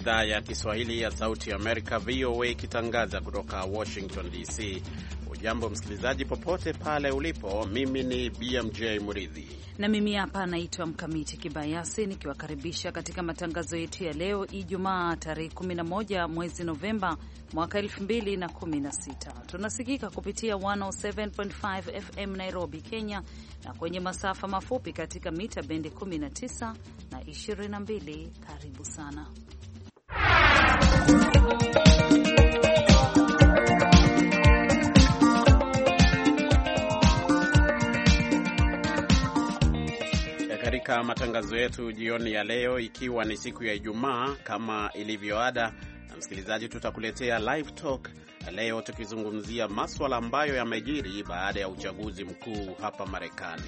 idhaa ya Kiswahili ya Sauti ya Amerika, VOA, ikitangaza kutoka Washington DC. Ujambo msikilizaji, popote pale ulipo. Mimi ni BMJ Muridhi na mimi hapa anaitwa Mkamiti Kibayasi nikiwakaribisha katika matangazo yetu ya leo Ijumaa tarehe 11 mwezi Novemba mwaka 2016. Tunasikika kupitia 107.5 FM Nairobi, Kenya na kwenye masafa mafupi katika mita bendi 19 na 22. Karibu sana katika matangazo yetu jioni ya leo, ikiwa ni siku ya Ijumaa, kama ilivyoada, na msikilizaji, tutakuletea live talk leo tukizungumzia maswala ambayo yamejiri baada ya uchaguzi mkuu hapa Marekani.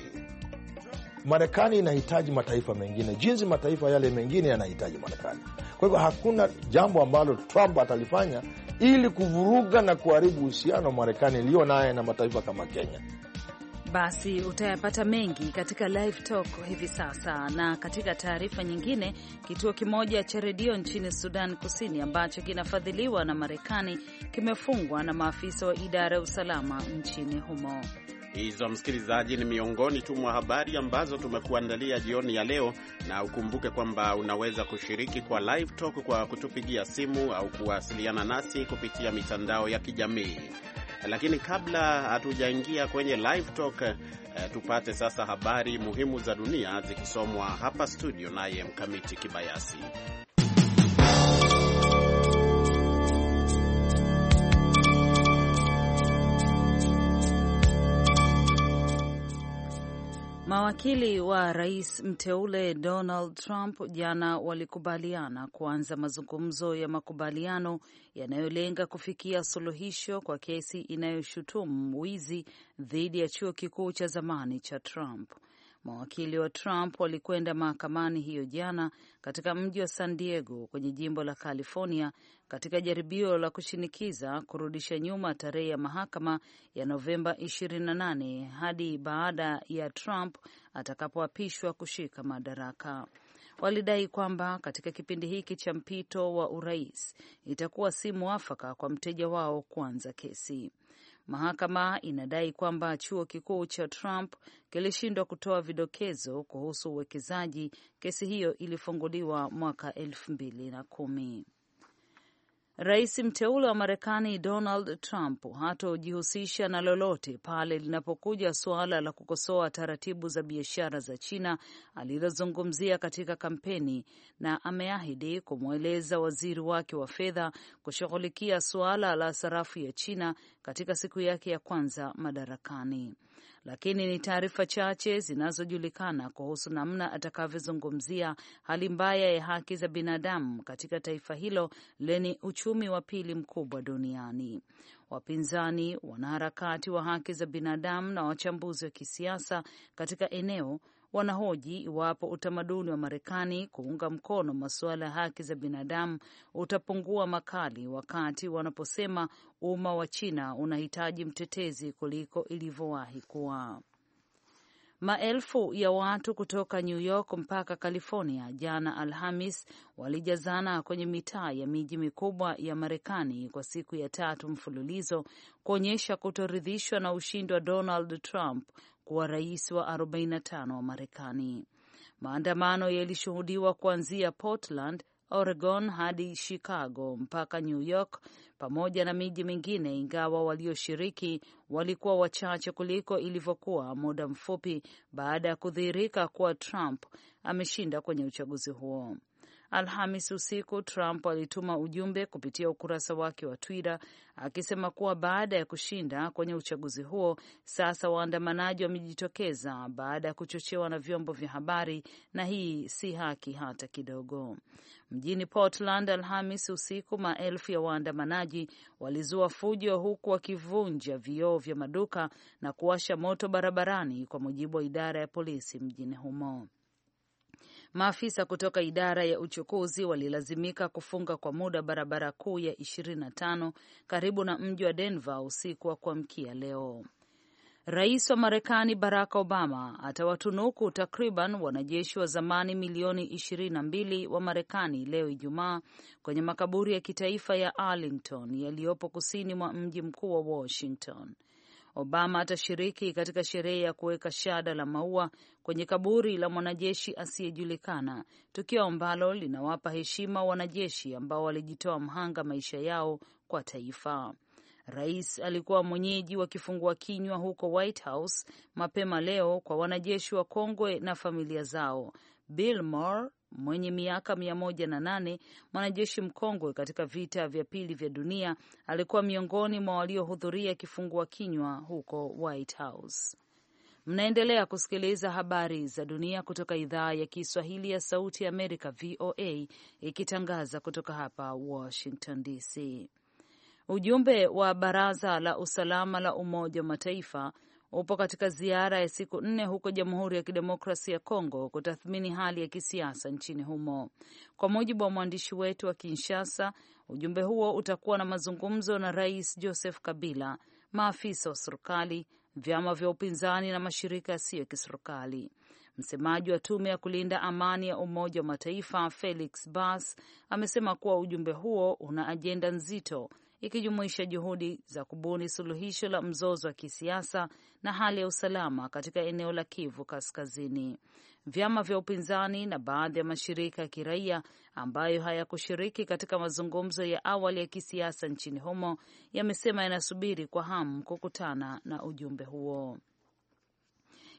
Marekani inahitaji mataifa mengine jinsi mataifa yale mengine yanahitaji Marekani. Kwa hivyo hakuna jambo ambalo Trump atalifanya ili kuvuruga na kuharibu uhusiano wa Marekani iliyo naye na mataifa kama Kenya. Basi utayapata mengi katika live talk hivi sasa. Na katika taarifa nyingine, kituo kimoja cha redio nchini Sudan Kusini ambacho kinafadhiliwa na Marekani kimefungwa na maafisa wa idara ya usalama nchini humo. Hizo msikilizaji, ni miongoni tu mwa habari ambazo tumekuandalia jioni ya leo, na ukumbuke kwamba unaweza kushiriki kwa live talk kwa kutupigia simu au kuwasiliana nasi kupitia mitandao ya kijamii. Lakini kabla hatujaingia kwenye live talk eh, tupate sasa habari muhimu za dunia zikisomwa hapa studio naye Mkamiti Kibayasi. Mawakili wa rais mteule Donald Trump jana walikubaliana kuanza mazungumzo ya makubaliano yanayolenga kufikia suluhisho kwa kesi inayoshutumu wizi dhidi ya chuo kikuu cha zamani cha Trump. Mawakili wa Trump walikwenda mahakamani hiyo jana katika mji wa San Diego kwenye jimbo la California katika jaribio la kushinikiza kurudisha nyuma tarehe ya mahakama ya Novemba 28 hadi baada ya Trump atakapoapishwa kushika madaraka. Walidai kwamba katika kipindi hiki cha mpito wa urais itakuwa si mwafaka kwa mteja wao kuanza kesi. Mahakama inadai kwamba chuo kikuu cha Trump kilishindwa kutoa vidokezo kuhusu uwekezaji. Kesi hiyo ilifunguliwa mwaka elfu mbili na kumi. Rais mteule wa Marekani Donald Trump hatojihusisha na lolote pale linapokuja suala la kukosoa taratibu za biashara za China alilozungumzia katika kampeni, na ameahidi kumweleza waziri wake wa fedha kushughulikia suala la sarafu ya China katika siku yake ya kwanza madarakani lakini ni taarifa chache zinazojulikana kuhusu namna atakavyozungumzia hali mbaya ya haki za binadamu katika taifa hilo lenye uchumi wa pili mkubwa duniani. Wapinzani, wanaharakati wa haki za binadamu na wachambuzi wa kisiasa katika eneo wanahoji iwapo utamaduni wa Marekani kuunga mkono masuala ya haki za binadamu utapungua makali wakati wanaposema umma wa China unahitaji mtetezi kuliko ilivyowahi kuwa. Maelfu ya watu kutoka New York mpaka California jana Alhamis walijazana kwenye mitaa ya miji mikubwa ya Marekani kwa siku ya tatu mfululizo kuonyesha kutoridhishwa na ushindi wa Donald Trump kuwa rais wa 45 wa Marekani. Maandamano yalishuhudiwa kuanzia Portland Oregon hadi Chicago mpaka New York pamoja na miji mingine, ingawa walioshiriki walikuwa wachache kuliko ilivyokuwa muda mfupi baada ya kudhihirika kuwa Trump ameshinda kwenye uchaguzi huo. Alhamis usiku Trump alituma ujumbe kupitia ukurasa wake wa Twitter akisema kuwa baada ya kushinda kwenye uchaguzi huo, sasa waandamanaji wamejitokeza baada ya kuchochewa na vyombo vya habari, na hii si haki hata kidogo. Mjini Portland Alhamis usiku, maelfu ya waandamanaji walizua fujo huku wakivunja vioo vya maduka na kuwasha moto barabarani, kwa mujibu wa idara ya polisi mjini humo. Maafisa kutoka idara ya uchukuzi walilazimika kufunga kwa muda barabara kuu ya 25 karibu na mji wa Denver usiku wa kuamkia leo. Rais wa Marekani Barack Obama atawatunuku takriban wanajeshi wa zamani milioni 22 wa Marekani leo Ijumaa kwenye makaburi ya kitaifa ya Arlington yaliyopo kusini mwa mji mkuu wa Washington. Obama atashiriki katika sherehe ya kuweka shada la maua kwenye kaburi la mwanajeshi asiyejulikana, tukio ambalo linawapa heshima wanajeshi ambao walijitoa mhanga maisha yao kwa taifa. Rais alikuwa mwenyeji wa kifungua kinywa huko White House mapema leo kwa wanajeshi wa kongwe na familia zao. Bill Moore mwenye miaka mia moja na nane, mwanajeshi mkongwe katika vita vya pili vya dunia, alikuwa miongoni mwa waliohudhuria kifungua kinywa huko White House. Mnaendelea kusikiliza habari za dunia kutoka idhaa ya Kiswahili ya Sauti ya Amerika, VOA, ikitangaza kutoka hapa Washington DC. Ujumbe wa Baraza la Usalama la Umoja wa Mataifa upo katika ziara ya siku nne huko Jamhuri ya Kidemokrasia ya Kongo kutathmini hali ya kisiasa nchini humo. Kwa mujibu wa mwandishi wetu wa Kinshasa, ujumbe huo utakuwa na mazungumzo na Rais Joseph Kabila, maafisa wa serikali, vyama vya upinzani na mashirika yasiyo ya kiserikali. Msemaji wa tume ya kulinda amani ya Umoja wa Mataifa Felix Bas amesema kuwa ujumbe huo una ajenda nzito ikijumuisha juhudi za kubuni suluhisho la mzozo wa kisiasa na hali ya usalama katika eneo la Kivu Kaskazini. Vyama vya upinzani na baadhi ya mashirika ya kiraia ambayo hayakushiriki katika mazungumzo ya awali ya kisiasa nchini humo yamesema yanasubiri kwa hamu kukutana na ujumbe huo.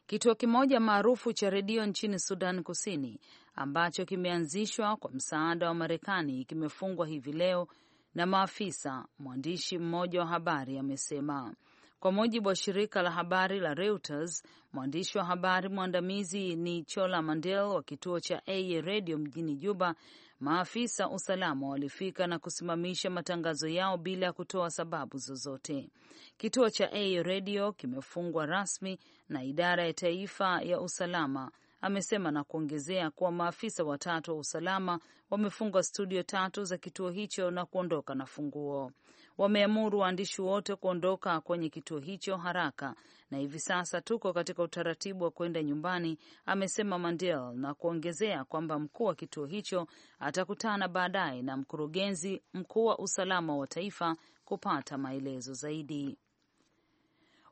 Kituo kimoja maarufu cha redio nchini Sudan Kusini ambacho kimeanzishwa kwa msaada wa Marekani kimefungwa hivi leo na maafisa, mwandishi mmoja wa habari amesema. Kwa mujibu wa shirika la habari la Reuters, mwandishi wa habari mwandamizi ni Chola Mandel wa kituo cha a redio mjini Juba. Maafisa usalama walifika na kusimamisha matangazo yao bila ya kutoa sababu zozote. Kituo cha a redio kimefungwa rasmi na idara ya taifa ya usalama amesema na kuongezea kuwa maafisa watatu wa usalama wamefunga studio tatu za kituo hicho na kuondoka na funguo. Wameamuru waandishi wote kuondoka kwenye kituo hicho haraka, na hivi sasa tuko katika utaratibu wa kwenda nyumbani, amesema Mandel na kuongezea kwamba mkuu wa kituo hicho atakutana baadaye na mkurugenzi mkuu wa usalama wa taifa kupata maelezo zaidi.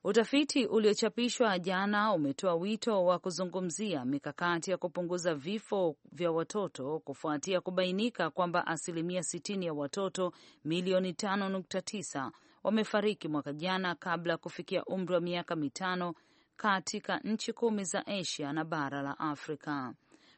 Utafiti uliochapishwa jana umetoa wito wa kuzungumzia mikakati ya kupunguza vifo vya watoto kufuatia kubainika kwamba asilimia 60 ya watoto milioni 5.9 wamefariki mwaka jana kabla ya kufikia umri wa miaka mitano katika nchi kumi za Asia na bara la Afrika,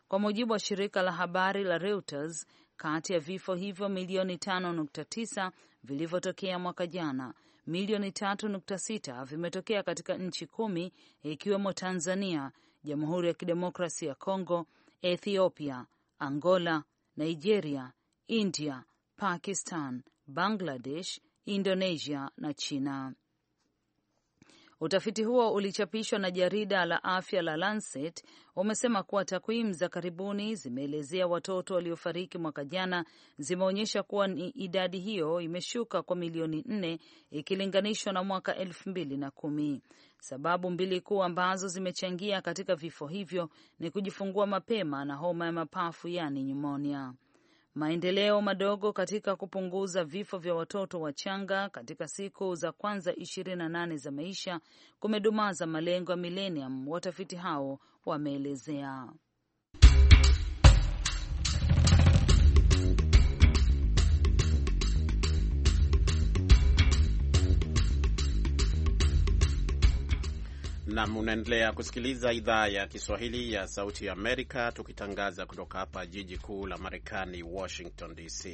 kwa mujibu wa shirika la habari la Reuters. Kati ya vifo hivyo milioni 5.9 vilivyotokea mwaka jana milioni 3.6 vimetokea katika nchi kumi ikiwemo Tanzania, Jamhuri ya kidemokrasi ya Kongo, Ethiopia, Angola, Nigeria, India, Pakistan, Bangladesh, Indonesia na China. Utafiti huo ulichapishwa na jarida la afya la Lancet umesema kuwa takwimu za karibuni zimeelezea watoto waliofariki mwaka jana zimeonyesha kuwa ni idadi hiyo imeshuka kwa milioni nne ikilinganishwa na mwaka elfu mbili na kumi. Sababu mbili kuu ambazo zimechangia katika vifo hivyo ni kujifungua mapema na homa ya mapafu, yani nyumonia. Maendeleo madogo katika kupunguza vifo vya watoto wachanga katika siku za kwanza 28 za maisha kumedumaza malengo ya milenium, watafiti hao wameelezea. Nam, unaendelea kusikiliza idhaa ya Kiswahili ya Sauti ya Amerika, tukitangaza kutoka hapa jiji kuu la Marekani, Washington DC.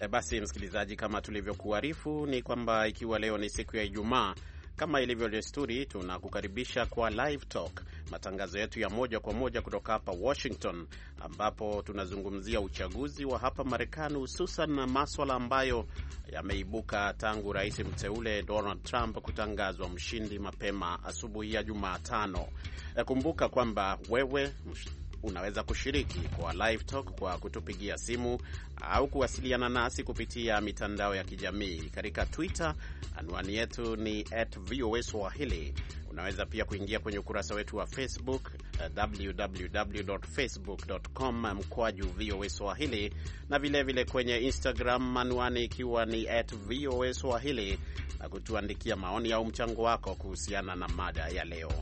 E, basi msikilizaji, kama tulivyokuarifu ni kwamba ikiwa leo ni siku ya Ijumaa, kama ilivyo desturi, tunakukaribisha kwa Live Talk matangazo yetu ya moja kwa moja kutoka hapa Washington, ambapo tunazungumzia uchaguzi wa hapa Marekani, hususan na maswala ambayo yameibuka tangu rais mteule Donald Trump kutangazwa mshindi mapema asubuhi ya Jumatano. Kumbuka kwamba wewe unaweza kushiriki kwa live talk kwa kutupigia simu au kuwasiliana nasi kupitia mitandao ya kijamii katika Twitter. Anwani yetu ni at VOA Swahili. Unaweza pia kuingia kwenye ukurasa wetu wa Facebook com mkwaju VOA Swahili, na vilevile vile kwenye Instagram, anwani ikiwa ni at VOA Swahili, na kutuandikia maoni au mchango wako kuhusiana na mada ya leo,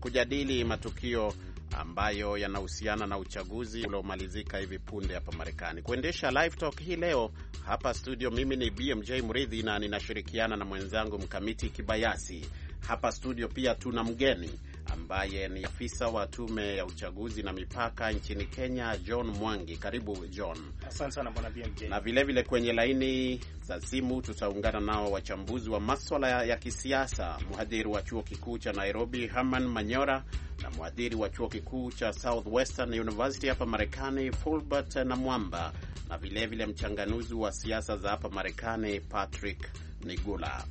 kujadili matukio ambayo yanahusiana na uchaguzi uliomalizika hivi punde hapa Marekani. Kuendesha live talk hii leo hapa studio, mimi ni BMJ Mridhi na ninashirikiana na mwenzangu Mkamiti Kibayasi. Hapa studio pia tuna mgeni ambaye ni afisa wa tume ya uchaguzi na mipaka nchini Kenya, John Mwangi. Karibu John. Asante sana bwana BMJ. Na vilevile vile kwenye laini za simu tutaungana nao wachambuzi wa maswala ya kisiasa, mhadhiri wa chuo kikuu cha Nairobi Herman Manyora na mhadhiri wa chuo kikuu cha Southwestern University hapa Marekani Fulbert na Mwamba, na vilevile vile mchanganuzi wa siasa za hapa Marekani Patrick Nigula.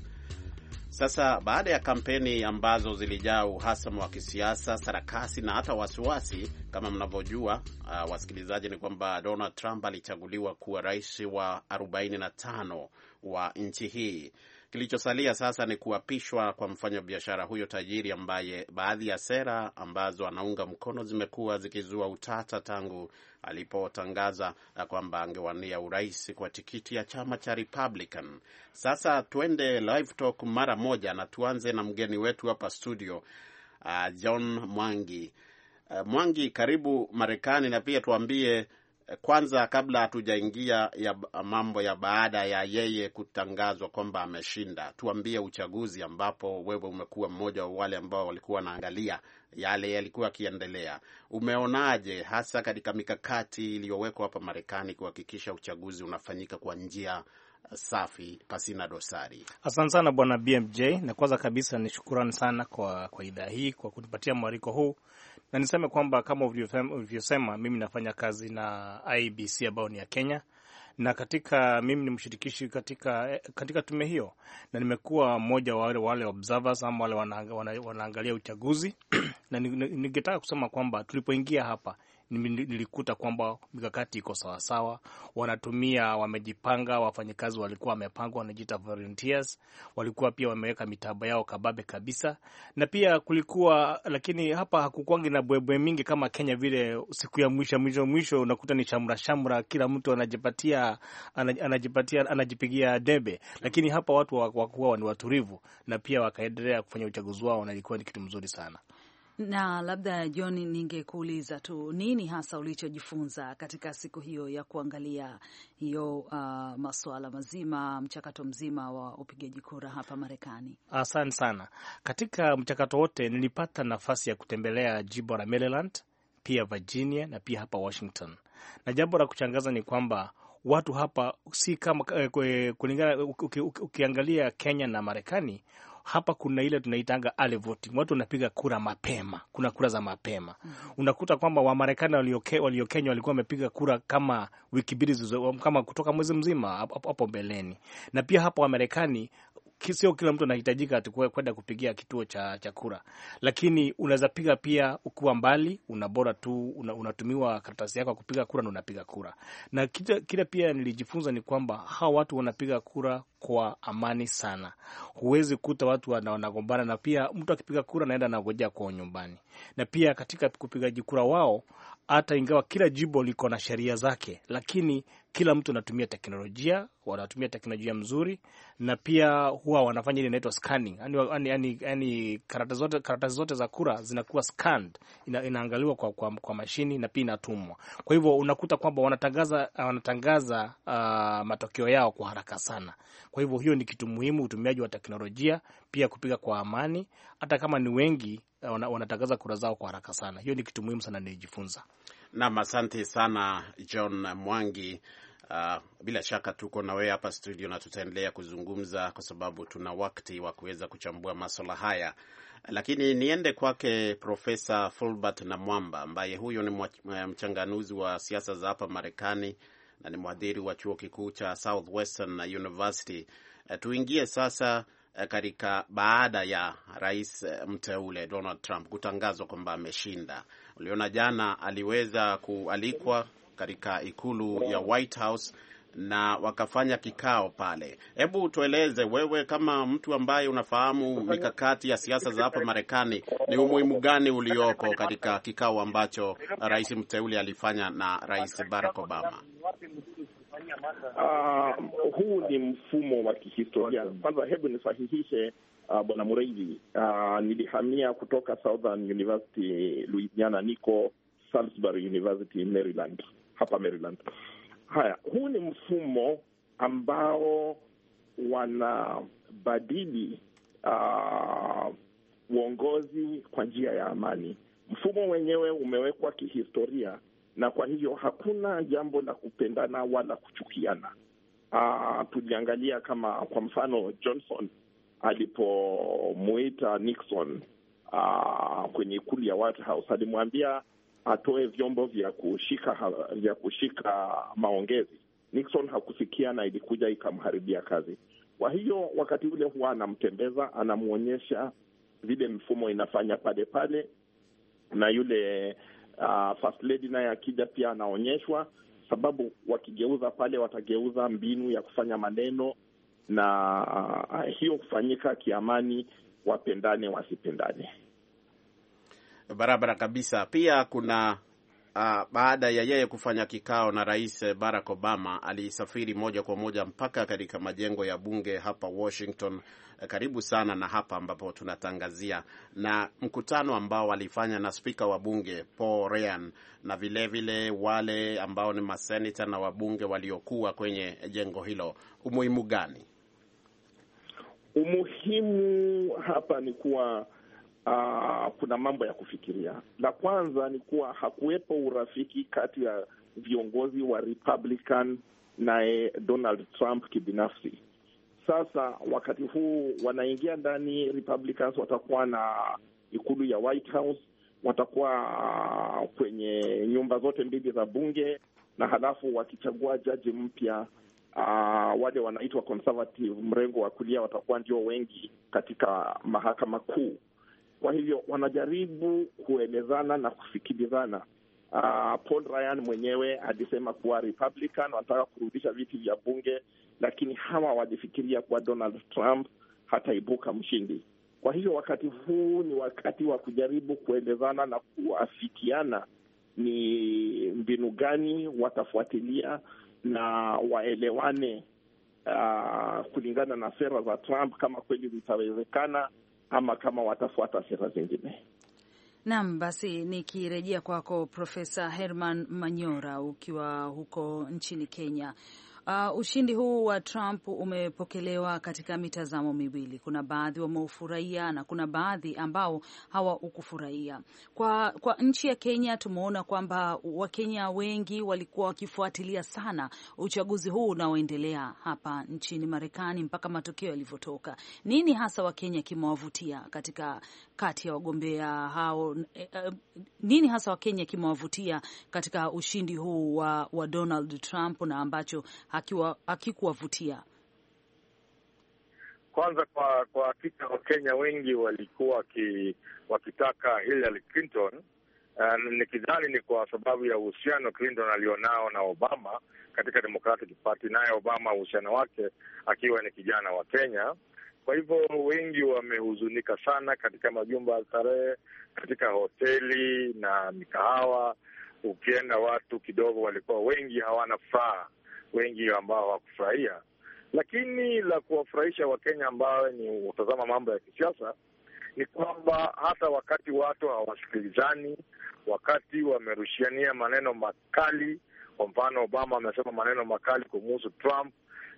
Sasa baada ya kampeni ambazo zilijaa uhasama wa kisiasa, sarakasi na hata wasiwasi, kama mnavyojua uh, wasikilizaji, ni kwamba Donald Trump alichaguliwa kuwa rais wa 45 wa nchi hii Kilichosalia sasa ni kuapishwa kwa mfanyabiashara huyo tajiri ambaye baadhi ya sera ambazo anaunga mkono zimekuwa zikizua utata tangu alipotangaza kwamba angewania urais kwa tikiti ya chama cha Republican. Sasa tuende live talk mara moja na tuanze na mgeni wetu hapa studio, uh, John Mwangi. Uh, Mwangi, karibu Marekani na pia tuambie Eh, kwanza, kabla hatujaingia ya mambo ya baada ya yeye kutangazwa kwamba ameshinda, tuambie uchaguzi ambapo wewe umekuwa mmoja wa wale ambao walikuwa wanaangalia yale yalikuwa akiendelea umeonaje hasa katika mikakati iliyowekwa hapa Marekani kuhakikisha uchaguzi unafanyika kwa njia eh, safi pasina dosari. Asante sana bwana BMJ, na kwanza kabisa ni shukurani sana kwa, kwa idhaa hii kwa kutupatia mwariko huu na niseme kwamba kama ulivyosema, mimi nafanya kazi na IBC ambayo ni ya Kenya na katika mimi ni mshirikishi katika, katika tume hiyo, na nimekuwa mmoja wa wale observers ama wale wanaangalia uchaguzi na ningetaka kusema kwamba tulipoingia hapa nilikuta kwamba mikakati iko sawasawa, wanatumia wamejipanga, wafanyakazi walikuwa wamepangwa, wanajiita volunteers, walikuwa pia wameweka mitaba yao kababe kabisa, na pia kulikuwa lakini, hapa hakukwangi na bwebwe mingi kama Kenya vile. Siku ya mwisho mwisho mwisho unakuta ni shamra shamra, kila mtu anajipatia anajipatia anajipigia debe, lakini hapa watu wakuwa ni watulivu, na pia wakaendelea kufanya uchaguzi wao, na ilikuwa ni kitu mzuri sana. Na labda John, ningekuuliza tu nini hasa ulichojifunza katika siku hiyo ya kuangalia hiyo uh, masuala mazima, mchakato mzima wa upigaji kura hapa Marekani? Asante sana. Katika mchakato wote nilipata nafasi ya kutembelea jimbo la Maryland, pia Virginia na pia hapa Washington, na jambo la kuchangaza ni kwamba watu hapa si kama eh, kulingana, ukiangalia Kenya na Marekani hapa kuna ile tunaitanga early voting, watu wanapiga kura mapema, kuna kura za mapema mm. Unakuta kwamba Wamarekani walioke, waliokenya walikuwa wamepiga kura kama wiki mbili kama kutoka mwezi mzima hapo mbeleni, na pia hapa Wamarekani sio kila mtu anahitajika kwenda kupigia kituo cha, cha kura, lakini unaweza piga pia ukiwa mbali, una bora tu una, unatumiwa karatasi yako ya kupiga kura na unapiga kura. Na kile pia nilijifunza ni kwamba hawa watu wanapiga kura kwa amani sana, huwezi kuta watu wanagombana, na pia mtu akipiga kura anaenda anagojea kwao nyumbani. Na pia katika kupigaji kura wao hata ingawa kila jimbo liko na sheria zake, lakini kila mtu anatumia teknolojia, wanatumia teknolojia mzuri, na pia huwa wanafanya ile inaitwa scanning, yani yaani yani yani karata zote karata zote za kura zinakuwa scanned, ina, inaangaliwa kwa, kwa, kwa mashini na pia inatumwa. Kwa hivyo unakuta kwamba wanatangaza wanatangaza uh, matokeo yao kwa haraka sana. Kwa hivyo hiyo ni kitu muhimu, utumiaji wa teknolojia, pia kupiga kwa amani, hata kama ni wengi wanatangaza kura zao kwa haraka sana. Hiyo ni kitu muhimu sana nilijifunza. Nam, asante sana John Mwangi. Uh, bila shaka tuko na wewe hapa studio na tutaendelea kuzungumza kwa sababu tuna wakati wa kuweza kuchambua maswala haya, lakini niende kwake Profesa Fulbert Namwamba ambaye huyo ni eh, mchanganuzi wa siasa za hapa Marekani na ni mhadhiri wa chuo kikuu cha Southwestern University. Uh, tuingie sasa uh, katika baada ya rais mteule Donald Trump kutangazwa kwamba ameshinda Uliona jana aliweza kualikwa katika ikulu ya White House na wakafanya kikao pale. Hebu tueleze wewe, kama mtu ambaye unafahamu mikakati ya siasa za hapa Marekani, ni umuhimu gani uliopo katika kikao ambacho rais mteule alifanya na rais Barack Obama? Uh, huu ni mfumo wa kihistoria. Kwanza hebu nisahihishe uh, bwana Mureithi. Uh, nilihamia kutoka Southern University Louisiana, niko Salisbury University Maryland, hapa Maryland. Haya, huu ni mfumo ambao wanabadili uh, uongozi kwa njia ya amani. Mfumo wenyewe umewekwa kihistoria na kwa hivyo hakuna jambo la kupendana wala kuchukiana. Aa, ah, tuliangalia kama kwa mfano Johnson alipomuita Nixon ah, kwenye ikulu ya White House alimwambia atoe vyombo vya kushika vya kushika maongezi. Nixon hakusikia na ilikuja ikamharibia kazi. Kwa hiyo wakati ule huwa anamtembeza, anamwonyesha vile mifumo inafanya pale pale, na yule Ah, first lady naye akija pia anaonyeshwa, sababu wakigeuza pale watageuza mbinu ya kufanya maneno na uh, hiyo kufanyika kiamani, wapendane wasipendane, barabara kabisa. Pia kuna uh, baada ya yeye kufanya kikao na Rais Barack Obama, alisafiri moja kwa moja mpaka katika majengo ya bunge hapa Washington, eh, karibu sana na hapa ambapo tunatangazia, na mkutano ambao walifanya na spika wa bunge Paul Ryan na vilevile vile wale ambao ni maseneta na wabunge waliokuwa kwenye jengo hilo. Umuhimu gani? Umuhimu hapa ni kuwa kuna mambo ya kufikiria. La kwanza ni kuwa hakuwepo urafiki kati ya viongozi wa Republican naye Donald Trump kibinafsi. Sasa wakati huu wanaingia ndani, Republicans watakuwa na ikulu ya White House, watakuwa kwenye nyumba zote mbili za bunge, na halafu wakichagua jaji mpya Uh, wale wanaitwa conservative mrengo wa kulia watakuwa ndio wengi katika mahakama kuu. Kwa hivyo wanajaribu kuelezana na kusikilizana. Uh, Paul Ryan mwenyewe alisema kuwa Republican wanataka kurudisha viti vya bunge, lakini hawa walifikiria kuwa Donald Trump hataibuka mshindi. Kwa hivyo wakati huu ni wakati wa kujaribu kuelezana na kuafikiana ni mbinu gani watafuatilia na waelewane, uh, kulingana na sera za Trump, kama kweli zitawezekana ama kama watafuata sera zingine. Naam, basi nikirejea kwako Profesa Herman Manyora, ukiwa huko nchini Kenya, Uh, ushindi huu wa Trump umepokelewa katika mitazamo miwili. Kuna baadhi wameufurahia na kuna baadhi ambao hawakufurahia. Kwa, kwa nchi ya Kenya tumeona kwamba Wakenya wengi walikuwa wakifuatilia sana uchaguzi huu unaoendelea hapa nchini Marekani mpaka matokeo yalivyotoka. Nini hasa Wakenya kimewavutia katika kati ya wagombea hao eh, eh, nini hasa Wakenya kimewavutia katika ushindi huu wa, wa Donald Trump na ambacho hakikuwavutia? Kwanza kwa kwa hakika Wakenya wengi walikuwa ki, wakitaka Hillary Clinton. Um, nikidhani ni kwa sababu ya uhusiano Clinton alionao na Obama katika Democratic Party, naye Obama uhusiano wake akiwa ni kijana wa Kenya kwa hivyo wengi wamehuzunika sana katika majumba ya starehe, katika hoteli na mikahawa. Ukienda watu kidogo walikuwa wengi hawana furaha, wengi ambao hawakufurahia. Lakini la kuwafurahisha Wakenya ambayo ni utazama mambo ya kisiasa ni kwamba hata wakati watu hawasikilizani, wakati wamerushiania maneno makali, kwa mfano Obama amesema maneno makali kumuhusu Trump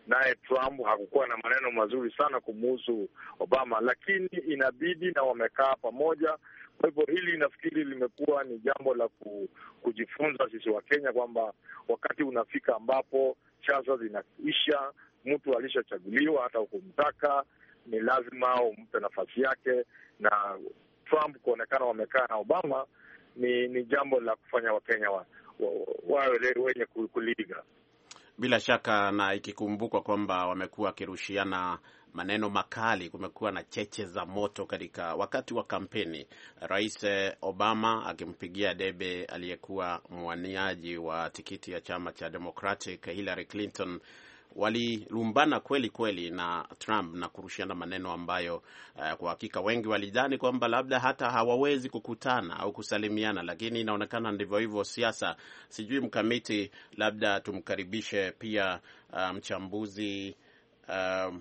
naye Trump hakukuwa na maneno mazuri sana kumuhusu Obama, lakini inabidi na wamekaa pamoja. Kwa hivyo hili nafikiri limekuwa ni jambo la kujifunza sisi wa Kenya kwamba wakati unafika ambapo siasa zinaisha, mtu alishachaguliwa, hata ukumtaka ni lazima umpe nafasi yake, na Trump kuonekana wamekaa na Obama ni ni jambo la kufanya Wakenya wawe wa, wa, wa wenye kuliga bila shaka, na ikikumbukwa kwamba wamekuwa wakirushiana maneno makali, kumekuwa na cheche za moto katika wakati wa kampeni, Rais Obama akimpigia debe aliyekuwa mwaniaji wa tikiti ya chama cha Democratic Hillary Clinton walilumbana kweli kweli na Trump na kurushiana maneno ambayo uh, kwa hakika wengi walidhani kwamba labda hata hawawezi kukutana au kusalimiana, lakini inaonekana ndivyo hivyo siasa. Sijui mkamiti, labda tumkaribishe pia eh, mchambuzi uh,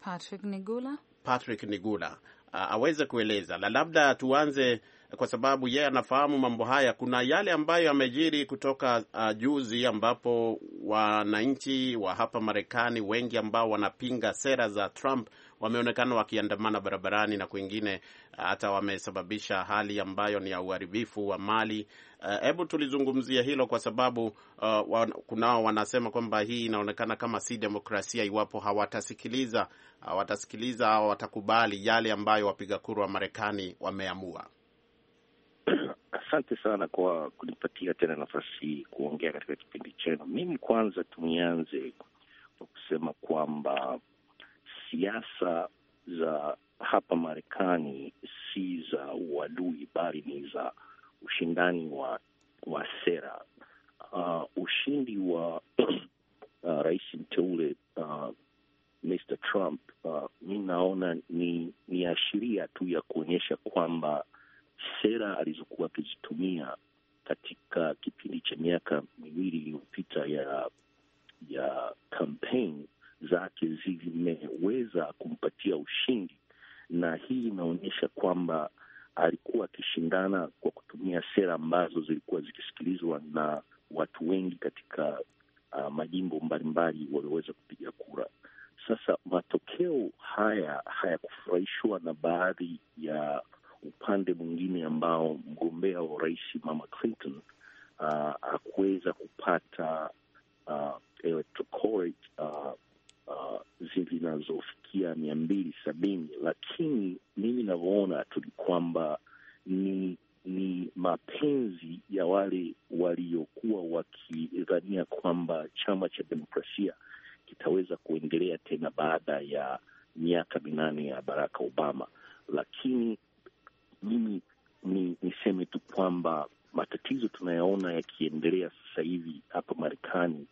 Patrick Nigula, Patrick Nigula uh, aweze kueleza na labda tuanze kwa sababu yeye yeah, anafahamu mambo haya. Kuna yale ambayo yamejiri kutoka uh, juzi ambapo wananchi wa hapa Marekani wengi ambao wanapinga sera za Trump wameonekana wakiandamana barabarani na kwingine uh, hata wamesababisha hali ambayo ni ya uharibifu wa mali. Uh, hebu uh, tulizungumzia hilo kwa sababu uh, wan, kunao wanasema kwamba hii inaonekana kama si demokrasia iwapo hawatasikiliza hawatasikiliza au hawatakubali yale ambayo wapiga kura wa Marekani wameamua asante sana kwa kunipatia tena nafasi hii kuongea katika kipindi chenu. Mimi kwanza tunianze kwa kusema kwamba siasa za hapa Marekani si za uadui, bali ni za ushindani wa wa sera. Uh, ushindi wa uh, rais mteule uh, Mr Trump uh, mi naona ni, ni ashiria tu ya kuonyesha kwamba sera alizokuwa akizitumia katika kipindi cha miaka miwili iliyopita ya ya kampeni zake zimeweza kumpatia ushindi, na hii inaonyesha kwamba alikuwa akishindana kwa kutumia sera ambazo zilikuwa zikisikilizwa na watu wengi katika uh, majimbo mbalimbali walioweza kupiga kura. Sasa matokeo haya hayakufurahishwa na baadhi ya upande mwingine ambao mgombea wa urais Mama Clinton uh, akuweza kupata uh, electoral uh, uh, zinazofikia mia mbili sabini, lakini mimi navyoona tu ni kwamba ni ni mapenzi ya wale waliokuwa wakidhania kwamba chama cha demokrasia kitaweza kuendelea tena baada ya miaka minane ya Barack Obama, lakini mimi ni niseme tu kwamba matatizo tunayoona yakiendelea sasa hivi hapa Marekani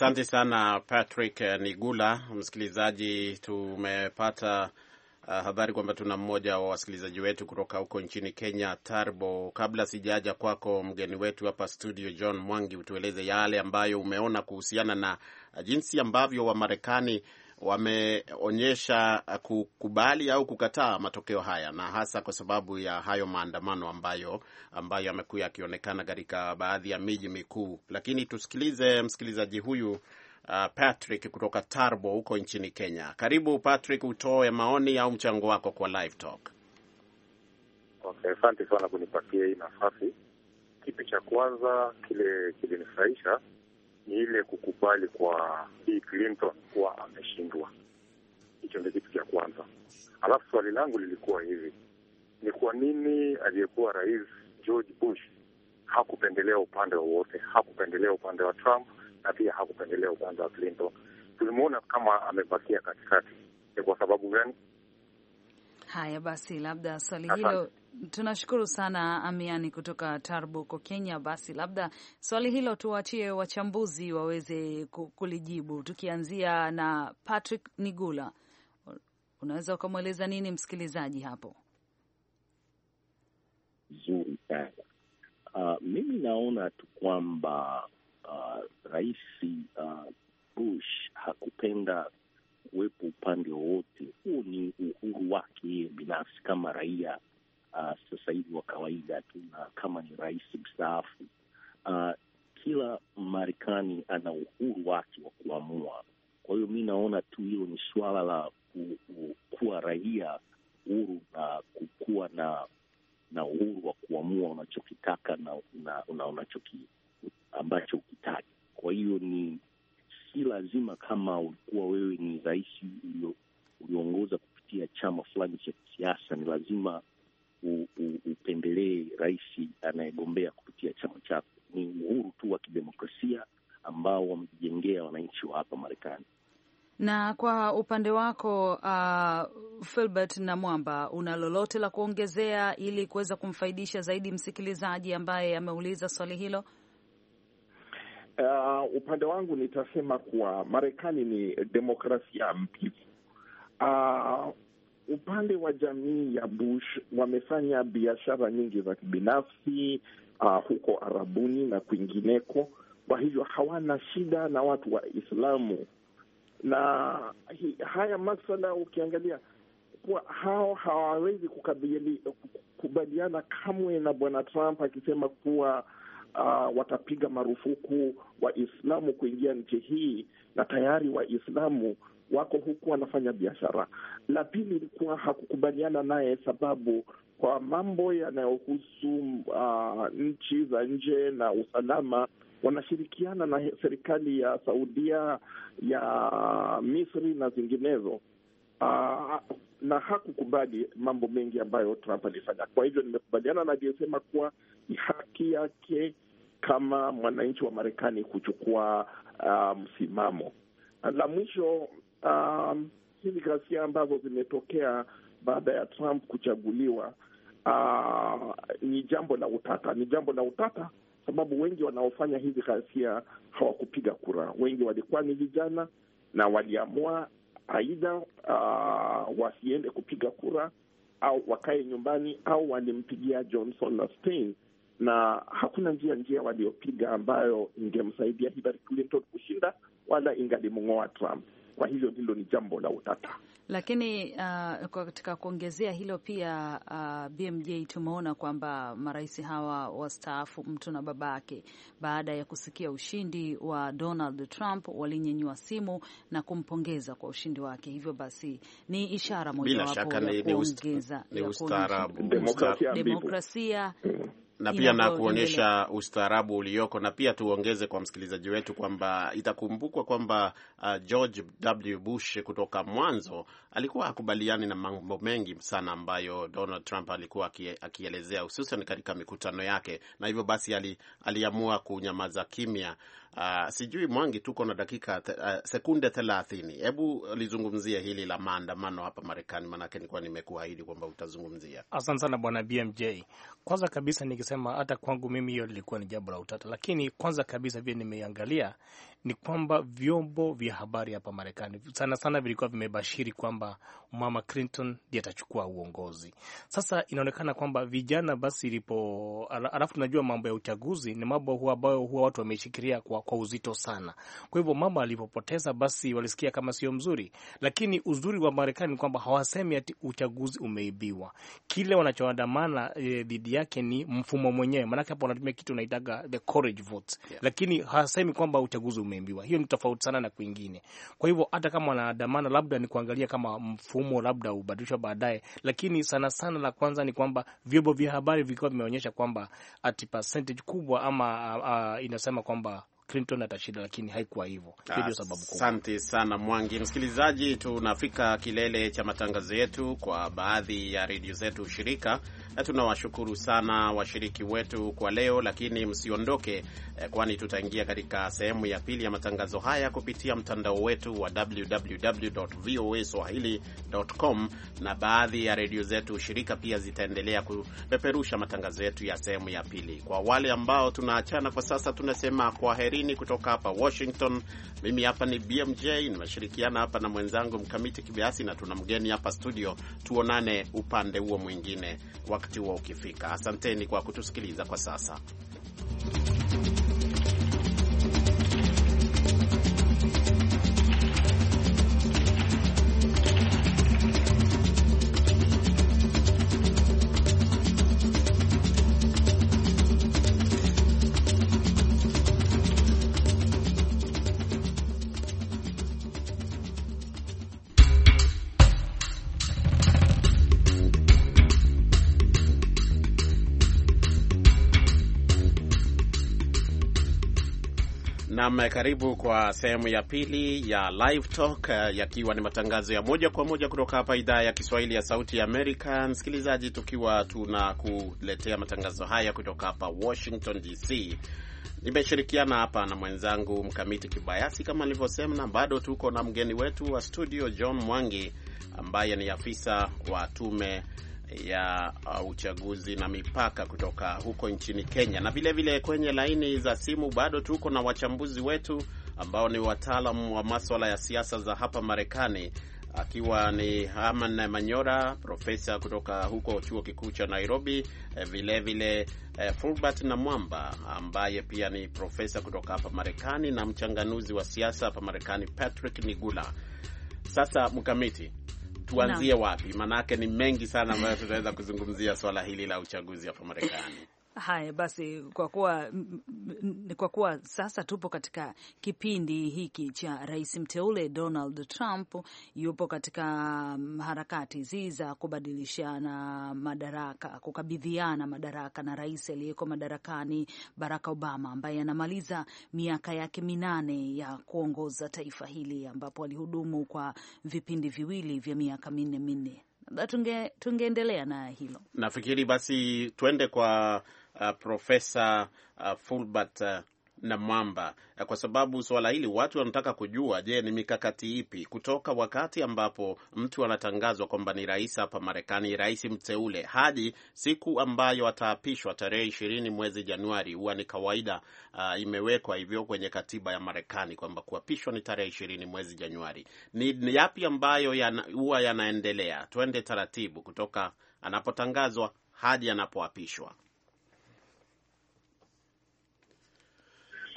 Asante sana Patrick Nigula. Msikilizaji, tumepata uh, habari kwamba tuna mmoja wa wasikilizaji wetu kutoka huko nchini Kenya, Tarbo. Kabla sijaja kwako mgeni wetu hapa studio, John Mwangi, utueleze yale ambayo umeona kuhusiana na jinsi ambavyo Wamarekani wameonyesha kukubali au kukataa matokeo haya, na hasa kwa sababu ya hayo maandamano ambayo ambayo yamekuwa yakionekana katika baadhi ya miji mikuu. Lakini tusikilize msikilizaji huyu uh, Patrick kutoka Tarbo huko nchini Kenya. Karibu Patrick, utoe maoni au mchango wako kwa live talk. Okay, asante sana kunipatia hii nafasi. Kitu cha kwanza kile kilinifurahisha ni ile kukubali kwa Bill Clinton kuwa ameshindwa. Hicho ndio kitu cha kwanza. Alafu swali langu lilikuwa hivi, ni kwa nini aliyekuwa rais George Bush hakupendelea upande wowote, hakupendelea upande wa Trump na pia hakupendelea upande wa Clinton? Tulimwona kama amebakia katikati. Ni kwa sababu gani? Haya basi, labda swali hilo Tunashukuru sana Amiani kutoka tarbu ko Kenya. Basi labda swali hilo tuwaachie wachambuzi waweze kulijibu, tukianzia na Patrick Nigula. Unaweza ukamweleza nini msikilizaji hapo? Zuri sana. Uh, mimi naona tu kwamba uh, Rais uh, Bush hakupenda kuwepo upande wowote. Huu ni uhuru wake binafsi kama raia uh, sasa hivi wa kawaida tu, na kama ni rais mstaafu uh, kila Marekani ana uhuru wake wa kuamua. Kwa hiyo mi naona tu hilo ni suala la ku, ku, kuwa raia huru na kukuwa na na uhuru wa kuamua unachokitaka na, na, na unachoki ambacho ukitaki. Kwa hiyo ni si lazima kama ulikuwa wewe ni rais ulioongoza kupitia chama fulani cha kisiasa, ni lazima upendelee rais anayegombea kupitia chama chako. Ni uhuru tu wa kidemokrasia ambao wamejijengea wananchi wa hapa Marekani. Na kwa upande wako uh, Filbert na Mwamba, una lolote la kuongezea ili kuweza kumfaidisha zaidi msikilizaji ambaye ameuliza swali hilo? Uh, upande wangu nitasema kuwa Marekani ni demokrasia mpivu. Uh, upande wa jamii ya Bush wamefanya biashara nyingi za kibinafsi uh, huko Arabuni na kwingineko. Kwa hivyo hawana shida na watu wa Islamu na hi, haya masala ukiangalia kuwa hao hawawezi kukubaliana kamwe na Bwana Trump akisema kuwa uh, watapiga marufuku Waislamu kuingia nchi hii, na tayari Waislamu wako huku wanafanya biashara. La pili ilikuwa hakukubaliana naye, sababu kwa mambo yanayohusu uh, nchi za nje na usalama wanashirikiana na serikali ya Saudia, ya Misri na zinginezo uh, na hakukubali mambo mengi ambayo Trump alifanya. Kwa hivyo nimekubaliana na aliyesema kuwa ni haki yake kama mwananchi wa Marekani kuchukua uh, msimamo. Um, la mwisho um, hizi ghasia ambazo zimetokea baada ya Trump kuchaguliwa uh, ni jambo la utata, ni jambo la utata sababu wengi wanaofanya hizi ghasia hawakupiga kura. Wengi walikuwa ni vijana na waliamua aidha uh, wasiende kupiga kura au wakae nyumbani au walimpigia Johnson na Stein, na hakuna njia njia waliopiga ambayo ingemsaidia Hillary Clinton kushinda wala ingalimng'oa Trump. Kwa hilo ndilo ni jambo la utata, lakini uh, katika kuongezea hilo pia uh, BMJ tumeona kwamba marais hawa wastaafu mtu na babake, baada ya kusikia ushindi wa Donald Trump walinyenyua simu na kumpongeza kwa ushindi wake. Hivyo basi ni ishara mojawapo ya kuongeza demokrasia, demokrasia mm na pia na kuonyesha ustaarabu ulioko, na pia tuongeze kwa msikilizaji wetu kwamba itakumbukwa kwamba uh, George W. Bush kutoka mwanzo alikuwa hakubaliani na mambo mengi sana ambayo Donald Trump alikuwa akielezea, hususan katika mikutano yake, na hivyo basi ali, aliamua kunyamaza kimya Uh, sijui Mwangi, tuko na dakika te, uh, sekunde thelathini. Hebu lizungumzia hili la maandamano hapa Marekani, maanake nilikuwa nimekuahidi kwamba utazungumzia. Asante sana bwana BMJ. Kwanza kabisa nikisema hata kwangu mimi hiyo lilikuwa ni jambo la utata, lakini kwanza kabisa vile nimeiangalia ni kwamba vyombo vya habari hapa Marekani sana sana vilikuwa vimebashiri kwamba mama Clinton ndiye atachukua uongozi. Sasa inaonekana kwamba vijana basi ilipo, alafu tunajua mambo ya uchaguzi ni mambo huwa ambayo huwa watu wameshikilia kwa, kwa uzito sana. Kwa hivyo mama alipopoteza basi walisikia kama sio mzuri, lakini uzuri wa Marekani ni kwamba hawasemi ati uchaguzi umeibiwa. Kile wanachoandamana e, dhidi e, yake ni mfumo mwenyewe, maanake hapo wanatumia kitu unaitaga the courage votes, yeah. Lakini hawasemi kwamba uchaguzi umeibiwa umeambiwa. Hiyo ni tofauti sana na kwingine. Kwa hivyo hata kama wanaandamana, labda ni kuangalia kama mfumo labda ubadilishwa baadaye, lakini sana sana la kwanza ni kwamba vyombo vya habari vikiwa vimeonyesha kwamba ati percentage kubwa ama a, a, inasema kwamba Clinton atashinda, lakini haikuwa hivyo. Ndio sababu kubwa. Asante sana Mwangi. Msikilizaji, tunafika kilele cha matangazo yetu kwa baadhi ya redio zetu ushirika na tunawashukuru sana washiriki wetu kwa leo, lakini msiondoke, eh, kwani tutaingia katika sehemu ya pili ya matangazo haya kupitia mtandao wetu wa www.voaswahili.com, na baadhi ya redio zetu ushirika pia zitaendelea kupeperusha matangazo yetu ya sehemu ya pili. Kwa wale ambao tunaachana kwa sasa, tunasema kwaheri. Ishirini kutoka hapa Washington. Mimi hapa ni BMJ, nimeshirikiana hapa na mwenzangu Mkamiti Kibiasi na tuna mgeni hapa studio. Tuonane upande huo mwingine wakati huo ukifika. Asanteni kwa kutusikiliza kwa sasa. Nam, karibu kwa sehemu ya pili ya Live Talk, eh, yakiwa ni matangazo ya moja kwa moja kutoka hapa idhaa ya Kiswahili ya Sauti ya Amerika. Msikilizaji, tukiwa tunakuletea matangazo haya kutoka hapa Washington DC. Nimeshirikiana hapa na mwenzangu Mkamiti Kibayasi kama nilivyosema, na bado tuko na mgeni wetu wa studio John Mwangi ambaye ni afisa wa tume ya uh, uchaguzi na mipaka kutoka huko nchini Kenya. Na vilevile vile kwenye laini za simu bado tuko na wachambuzi wetu ambao ni wataalamu wa maswala ya siasa za hapa Marekani, akiwa ni Herman Manyora, profesa kutoka huko chuo kikuu cha Nairobi, vilevile eh, vile, eh, Fulbert na Mwamba ambaye pia ni profesa kutoka hapa Marekani na mchanganuzi wa siasa hapa Marekani, Patrick Nigula. Sasa mkamiti tuanzie wapi? Maanake ni mengi sana ambayo tutaweza kuzungumzia swala hili la uchaguzi hapa Marekani. Haya basi, kwa kuwa mm, kwa kuwa sasa tupo katika kipindi hiki cha rais mteule Donald Trump yupo katika mm, harakati hizi za kubadilishana madaraka, kukabidhiana madaraka na rais aliyeko madarakani Barack Obama, ambaye anamaliza miaka yake minane ya kuongoza taifa hili, ambapo alihudumu kwa vipindi viwili vya miaka minne minne. Tunge, tungeendelea na hilo. Nafikiri basi tuende kwa uh, Profesa uh, Fulbert uh, na Mwamba, uh, kwa sababu suala hili watu wanataka kujua, je, ni mikakati ipi kutoka wakati ambapo mtu anatangazwa kwamba ni rais hapa Marekani, rais mteule hadi siku ambayo ataapishwa tarehe ishirini mwezi Januari. Huwa ni kawaida uh, imewekwa hivyo kwenye katiba ya Marekani kwamba kuapishwa ni tarehe ishirini mwezi Januari. Ni, ni yapi ambayo huwa yana, yanaendelea? Twende taratibu kutoka anapotangazwa hadi anapoapishwa.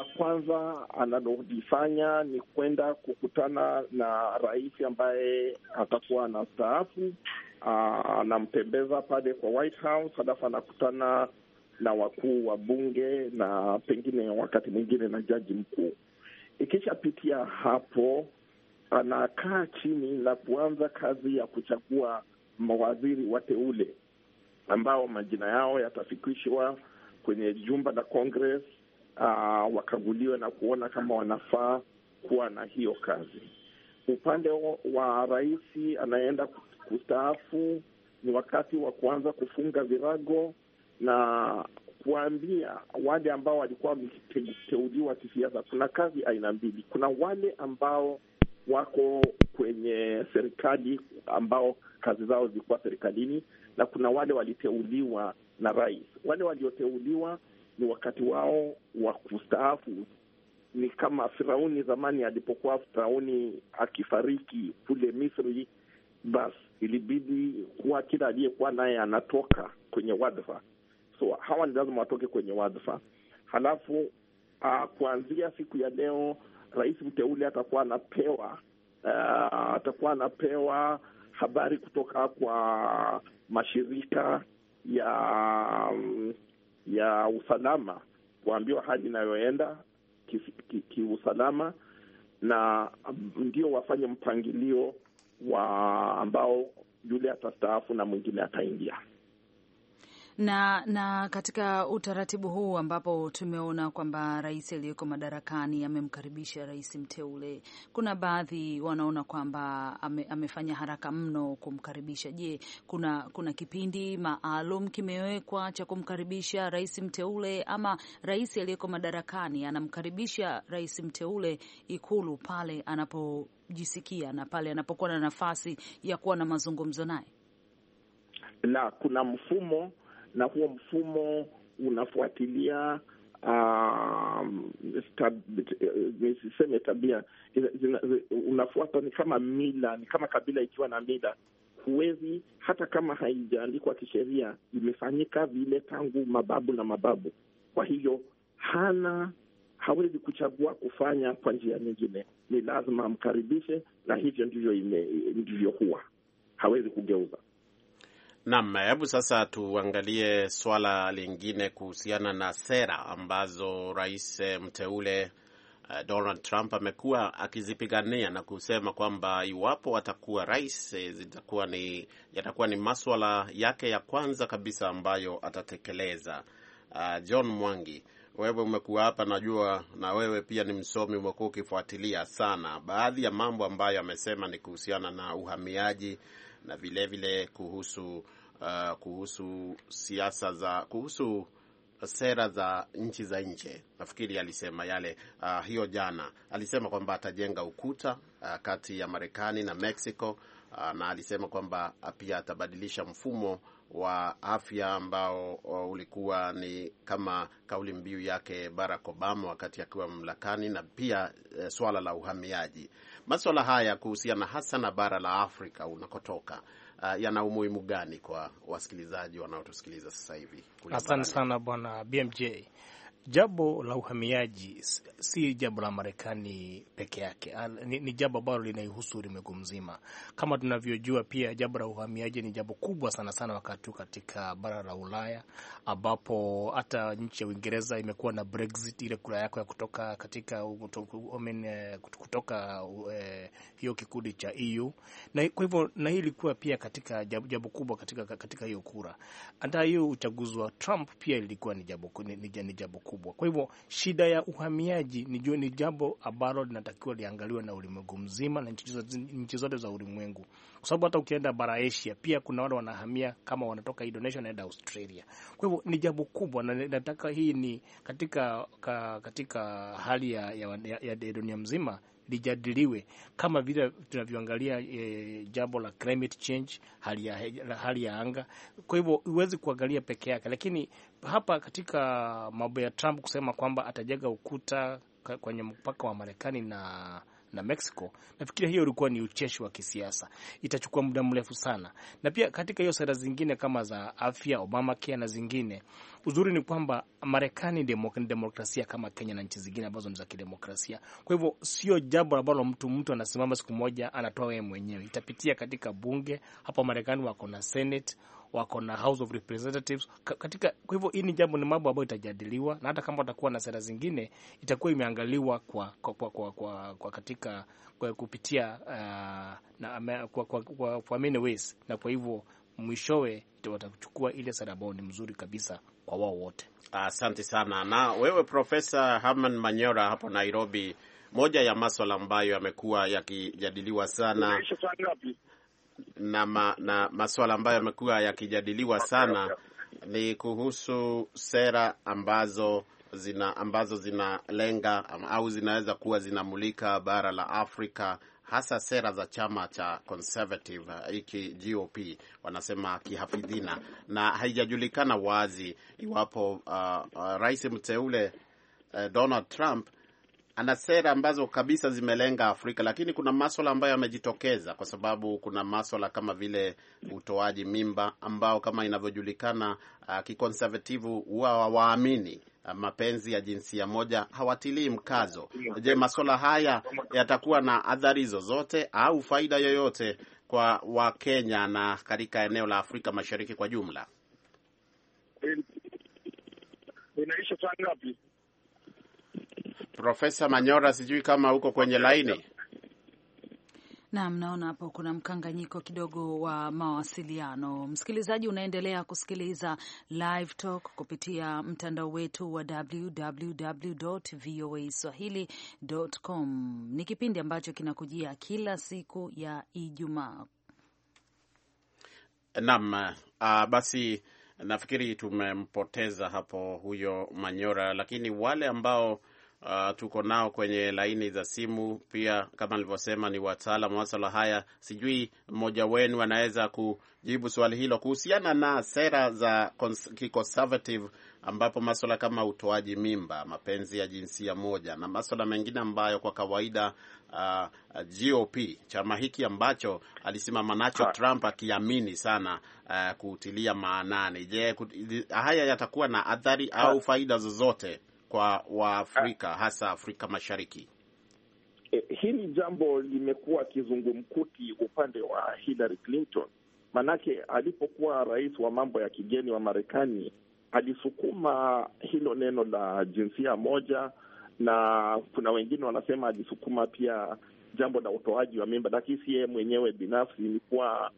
kwanza analolifanya ni kwenda kukutana na rais ambaye atakuwa staafu Anamtembeza ah, pale kwa White House, halafu anakutana na wakuu wa bunge na pengine wakati mwingine na jaji mkuu. Ikishapitia hapo, anakaa chini na kuanza kazi ya kuchagua mawaziri wateule ambao majina yao yatafikishwa kwenye jumba la Congress uh, wakaguliwe na kuona kama wanafaa kuwa na hiyo kazi. Upande wa rais anaenda kustaafu, ni wakati wa kuanza kufunga virago na kuambia wale ambao walikuwa wameteuliwa kisiasa. Kuna kazi aina mbili, kuna wale ambao wako kwenye serikali ambao kazi zao zilikuwa serikalini, na kuna wale waliteuliwa na rais. Wale walioteuliwa ni wakati wao wa kustaafu. Ni kama Firauni zamani alipokuwa Firauni akifariki kule Misri, basi ilibidi kuwa kila aliyekuwa naye anatoka kwenye wadhifa. So hawa ni lazima watoke kwenye wadhifa. Halafu uh, kuanzia siku ya leo rais mteule atakuwa anapewa uh, atakuwa anapewa habari kutoka kwa mashirika ya um, ya usalama kuambiwa hali inayoenda kiusalama ki na ndio wafanye mpangilio wa ambao yule atastaafu na mwingine ataingia na na katika utaratibu huu ambapo tumeona kwamba rais aliyeko madarakani amemkaribisha rais mteule, kuna baadhi wanaona kwamba ame, amefanya haraka mno kumkaribisha. Je, kuna kuna kipindi maalum kimewekwa cha kumkaribisha rais mteule, ama rais aliyeko madarakani anamkaribisha rais mteule Ikulu pale anapojisikia na pale anapokuwa na nafasi ya kuwa na mazungumzo naye? La, kuna mfumo na huo mfumo unafuatilia um, eh, niseme uh, tabia unafuata, ni kama mila, ni kama kabila ikiwa na mila huwezi hata kama haijaandikwa kisheria, imefanyika vile tangu mababu na mababu. Kwa hiyo hana hawezi kuchagua kufanya kwa njia nyingine, ni lazima amkaribishe, na hivyo ndivyo ndivyo huwa, hawezi kugeuza. Naam, hebu sasa tuangalie swala lingine kuhusiana na sera ambazo rais eh, mteule eh, Donald Trump amekuwa akizipigania na kusema kwamba iwapo atakuwa rais eh, zitakuwa ni yatakuwa ni maswala yake ya kwanza kabisa ambayo atatekeleza. Uh, John Mwangi, wewe umekuwa hapa, najua na wewe pia ni msomi, umekuwa ukifuatilia sana baadhi ya mambo ambayo amesema ni kuhusiana na uhamiaji na vilevile vile kuhusu uh, kuhusu siasa za kuhusu sera za nchi za nje. Nafikiri alisema yale uh, hiyo jana alisema kwamba atajenga ukuta uh, kati ya Marekani na Mexico uh, na alisema kwamba pia atabadilisha mfumo wa afya ambao ulikuwa ni kama kauli mbiu yake Barack Obama wakati akiwa mamlakani, na pia e, swala la uhamiaji. Maswala haya kuhusiana hasa na bara la Afrika unakotoka eh, yana umuhimu gani kwa wasikilizaji wanaotusikiliza sasa hivi? Asante sana Bwana BMJ. Jambo la uhamiaji si jambo la Marekani peke yake, ni, ni jambo ambalo linaihusu ulimwengu mzima. Kama tunavyojua, pia jambo la uhamiaji ni jambo kubwa sana sana wakati huu katika bara la Ulaya, ambapo hata nchi ya Uingereza imekuwa na Brexit, ile kura yako ya kutoka katika eh, kutoka eh, hiyo kikundi cha EU, na kwa hivyo na hii ilikuwa pia katika jambo kubwa katika katika hiyo kura. Hata hiyo uchaguzi wa Trump pia ilikuwa ni jambo ni jambo kubwa kubwa. Kwa hivyo shida ya uhamiaji ni jambo ambalo linatakiwa liangaliwe na ulimwengu mzima na nchi zote za ulimwengu, kwa sababu hata ukienda bara Asia pia kuna wale wanahamia kama wanatoka Indonesia naenda Australia. Kwa hivyo ni jambo kubwa, na nataka hii ni katika, ka, katika hali ya, ya, ya, ya dunia mzima lijadiliwe kama vile tunavyoangalia e, jambo la climate change, hali ya, hali ya anga. Kwa hivyo huwezi kuangalia peke yake, lakini hapa katika mambo ya Trump kusema kwamba atajenga ukuta kwenye mpaka wa Marekani na na Mexico, nafikiria hiyo ilikuwa ni ucheshi wa kisiasa, itachukua muda mrefu sana. Na pia katika hiyo sera zingine kama za afya, Obamacare na zingine Uzuri ni kwamba Marekani ni demokrasia kama Kenya na nchi zingine ambazo ni za kidemokrasia. Kwa hivyo sio jambo ambalo mtu mtu anasimama siku moja anatoa yeye mwenyewe, itapitia katika bunge. Hapa Marekani wako na Senate, wako na House of Representatives katika. Kwa hivyo hii ni jambo, ni mambo ambayo itajadiliwa, na hata kama watakuwa na sera zingine itakuwa imeangaliwa kwa, kwa, kwa, kwa, kwa, kwa katika kwa kupitia uh, na, kwa, kwa, kwa, kwa many ways, na kwa hivyo mwishowe watachukua ile sera ambayo ni mzuri kabisa wao wote. Asante sana. Na wewe Profesa Herman Manyora hapo Nairobi, moja ya maswala ambayo yamekuwa yakijadiliwa sana na, ma, na maswala ambayo yamekuwa yakijadiliwa sana ni kuhusu sera ambazo zina ambazo zinalenga au zinaweza kuwa zinamulika bara la Afrika hasa sera za chama cha Conservative uh, hiki GOP wanasema kihafidhina, na haijajulikana wazi iwapo uh, uh, rais mteule uh, Donald Trump ana sera ambazo kabisa zimelenga Afrika, lakini kuna maswala ambayo yamejitokeza, kwa sababu kuna maswala kama vile utoaji mimba ambao kama inavyojulikana, uh, kikonservativu huwa waamini mapenzi ya jinsia moja hawatilii mkazo. Je, masuala haya yatakuwa na adhari zozote au faida yoyote kwa Wakenya na katika eneo la Afrika Mashariki kwa jumla? Profesa Manyora, sijui kama uko kwenye laini. Na mnaona hapo kuna mkanganyiko kidogo wa mawasiliano. Msikilizaji, unaendelea kusikiliza Live Talk kupitia mtandao wetu wa www voa swahilicom Ni kipindi ambacho kinakujia kila siku ya Ijumaa. Naam, uh, basi nafikiri tumempoteza hapo huyo Manyora, lakini wale ambao Uh, tuko nao kwenye laini za simu pia, kama nilivyosema, ni wataalamu wa maswala haya. Sijui mmoja wenu anaweza kujibu swali hilo kuhusiana na sera za conservative, ambapo maswala kama utoaji mimba, mapenzi ya jinsia moja na maswala mengine ambayo kwa kawaida uh, ah, GOP chama hiki ambacho alisimama nacho ah. Trump akiamini sana uh, kutilia maanani. Je, haya yatakuwa na athari au faida zozote? kwa Waafrika ah. hasa Afrika Mashariki? Eh, hili jambo limekuwa kizungumkuti upande wa Hillary Clinton, manake alipokuwa rais wa mambo ya kigeni wa Marekani alisukuma hilo neno la jinsia moja, na kuna wengine wanasema alisukuma pia jambo la utoaji wa mimba, lakini si yeye mwenyewe binafsi, ilikuwa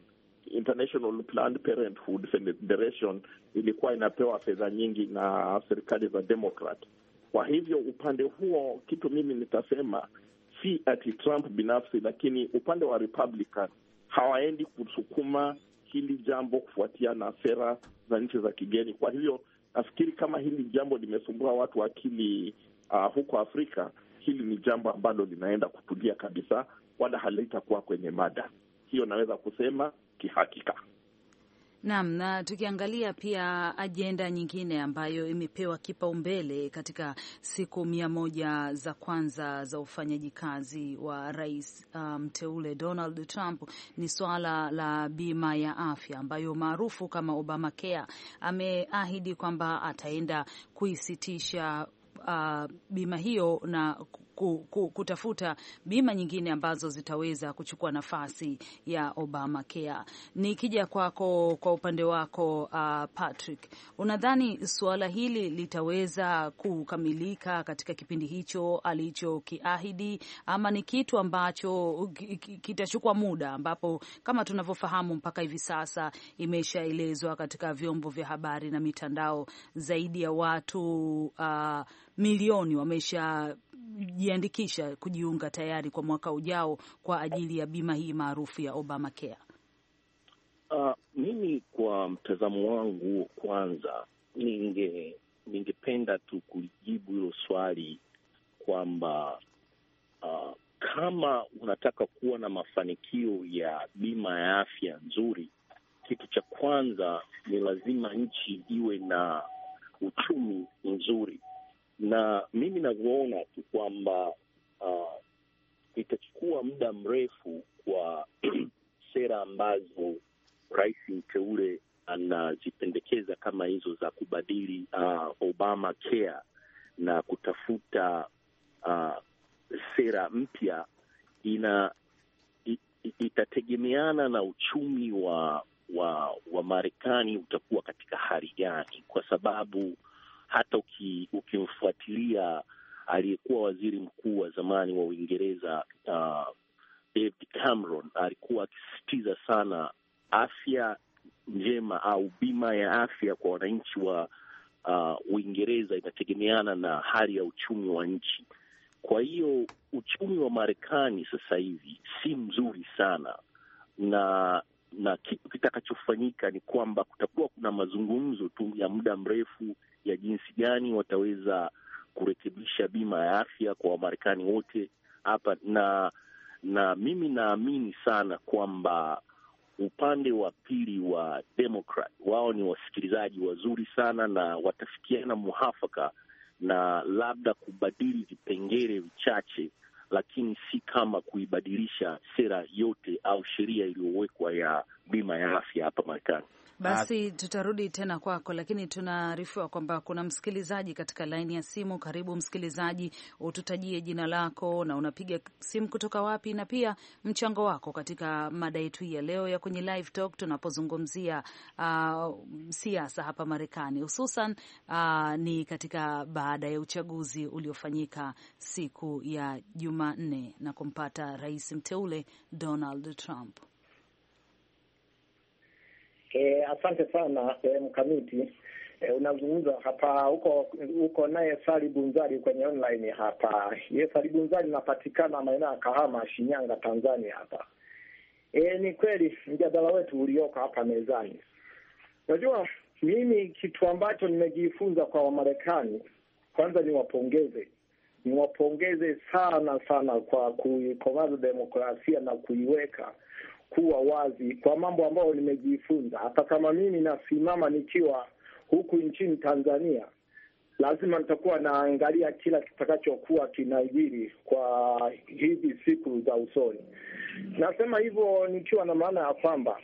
International Planned Parenthood Federation ilikuwa inapewa fedha nyingi na serikali za Democrat kwa hivyo upande huo, kitu mimi nitasema si ati Trump binafsi, lakini upande wa Republican hawaendi kusukuma hili jambo kufuatia na sera za nchi za kigeni. Kwa hivyo nafikiri kama hili jambo limesumbua watu akili uh, huko Afrika, hili ni jambo ambalo linaenda kutulia kabisa, wala halitakuwa kwenye mada hiyo, naweza kusema kihakika. Naam, na tukiangalia pia ajenda nyingine ambayo imepewa kipaumbele katika siku mia moja za kwanza za ufanyaji kazi wa rais uh, mteule um, Donald Trump ni swala la bima ya afya ambayo maarufu kama Obamacare. Ameahidi kwamba ataenda kuisitisha Uh, bima hiyo na ku, ku, kutafuta bima nyingine ambazo zitaweza kuchukua nafasi ya Obamacare. Nikija kwako kwa upande wako uh, Patrick, unadhani suala hili litaweza kukamilika katika kipindi hicho alichokiahidi ama ni kitu ambacho kitachukua muda, ambapo kama tunavyofahamu mpaka hivi sasa imeshaelezwa katika vyombo vya habari na mitandao zaidi ya watu uh, milioni wamesha jiandikisha kujiunga tayari kwa mwaka ujao kwa ajili ya bima hii maarufu ya Obamacare? Uh, mimi kwa mtazamo wangu, kwanza ninge ningependa tu kulijibu hilo swali kwamba uh, kama unataka kuwa na mafanikio ya bima ya afya nzuri, kitu cha kwanza ni lazima nchi iwe na uchumi mzuri na mimi navyoona tu kwamba uh, itachukua muda mrefu kwa sera ambazo rais mteule anazipendekeza kama hizo za kubadili uh, ah, Obama Care na kutafuta uh, sera mpya ina it, itategemeana na uchumi wa wa wa Marekani utakuwa katika hali gani, kwa sababu hata ukimfuatilia aliyekuwa waziri mkuu wa zamani wa Uingereza uh, David Cameron alikuwa akisisitiza sana afya njema au bima ya afya kwa wananchi wa uh, Uingereza inategemeana na hali ya uchumi wa nchi. Kwa hiyo uchumi wa Marekani sasa hivi si mzuri sana, na na kitu kitakachofanyika ni kwamba kutakuwa kuna mazungumzo tu ya muda mrefu ya jinsi gani wataweza kurekebisha bima ya afya kwa Wamarekani wote hapa, na na mimi naamini sana kwamba upande wa pili wa Democrat wao ni wasikilizaji wazuri sana, na watafikiana muhafaka na labda kubadili vipengele vichache lakini si kama kuibadilisha sera yote au sheria iliyowekwa ya bima ya afya hapa Marekani. Basi tutarudi tena kwako, lakini tunaarifiwa kwamba kuna msikilizaji katika laini ya simu. Karibu msikilizaji, ututajie jina lako na unapiga simu kutoka wapi, na pia mchango wako katika mada yetu ya leo ya kwenye live talk, tunapozungumzia uh, siasa hapa Marekani, hususan uh, ni katika baada ya uchaguzi uliofanyika siku ya Jumanne na kumpata rais mteule Donald Trump. E, asante sana e, mkamiti e, unazungumza hapa huko huko, naye Sali Bunzari kwenye online hapa. Ye Sali Bunzari napatikana maeneo ya Kahama, Shinyanga, Tanzania hapa. E, ni kweli mjadala wetu ulioko hapa mezani, unajua mimi kitu ambacho nimejifunza kwa Wamarekani, kwanza niwapongeze niwapongeze sana sana kwa kuikomaza demokrasia na kuiweka kuwa wazi kwa mambo ambayo nimejifunza. Hata kama mimi nasimama nikiwa huku nchini Tanzania, lazima nitakuwa naangalia kila kitakachokuwa kinajiri kwa hizi siku za usoni. Nasema hivyo nikiwa na maana ya kwamba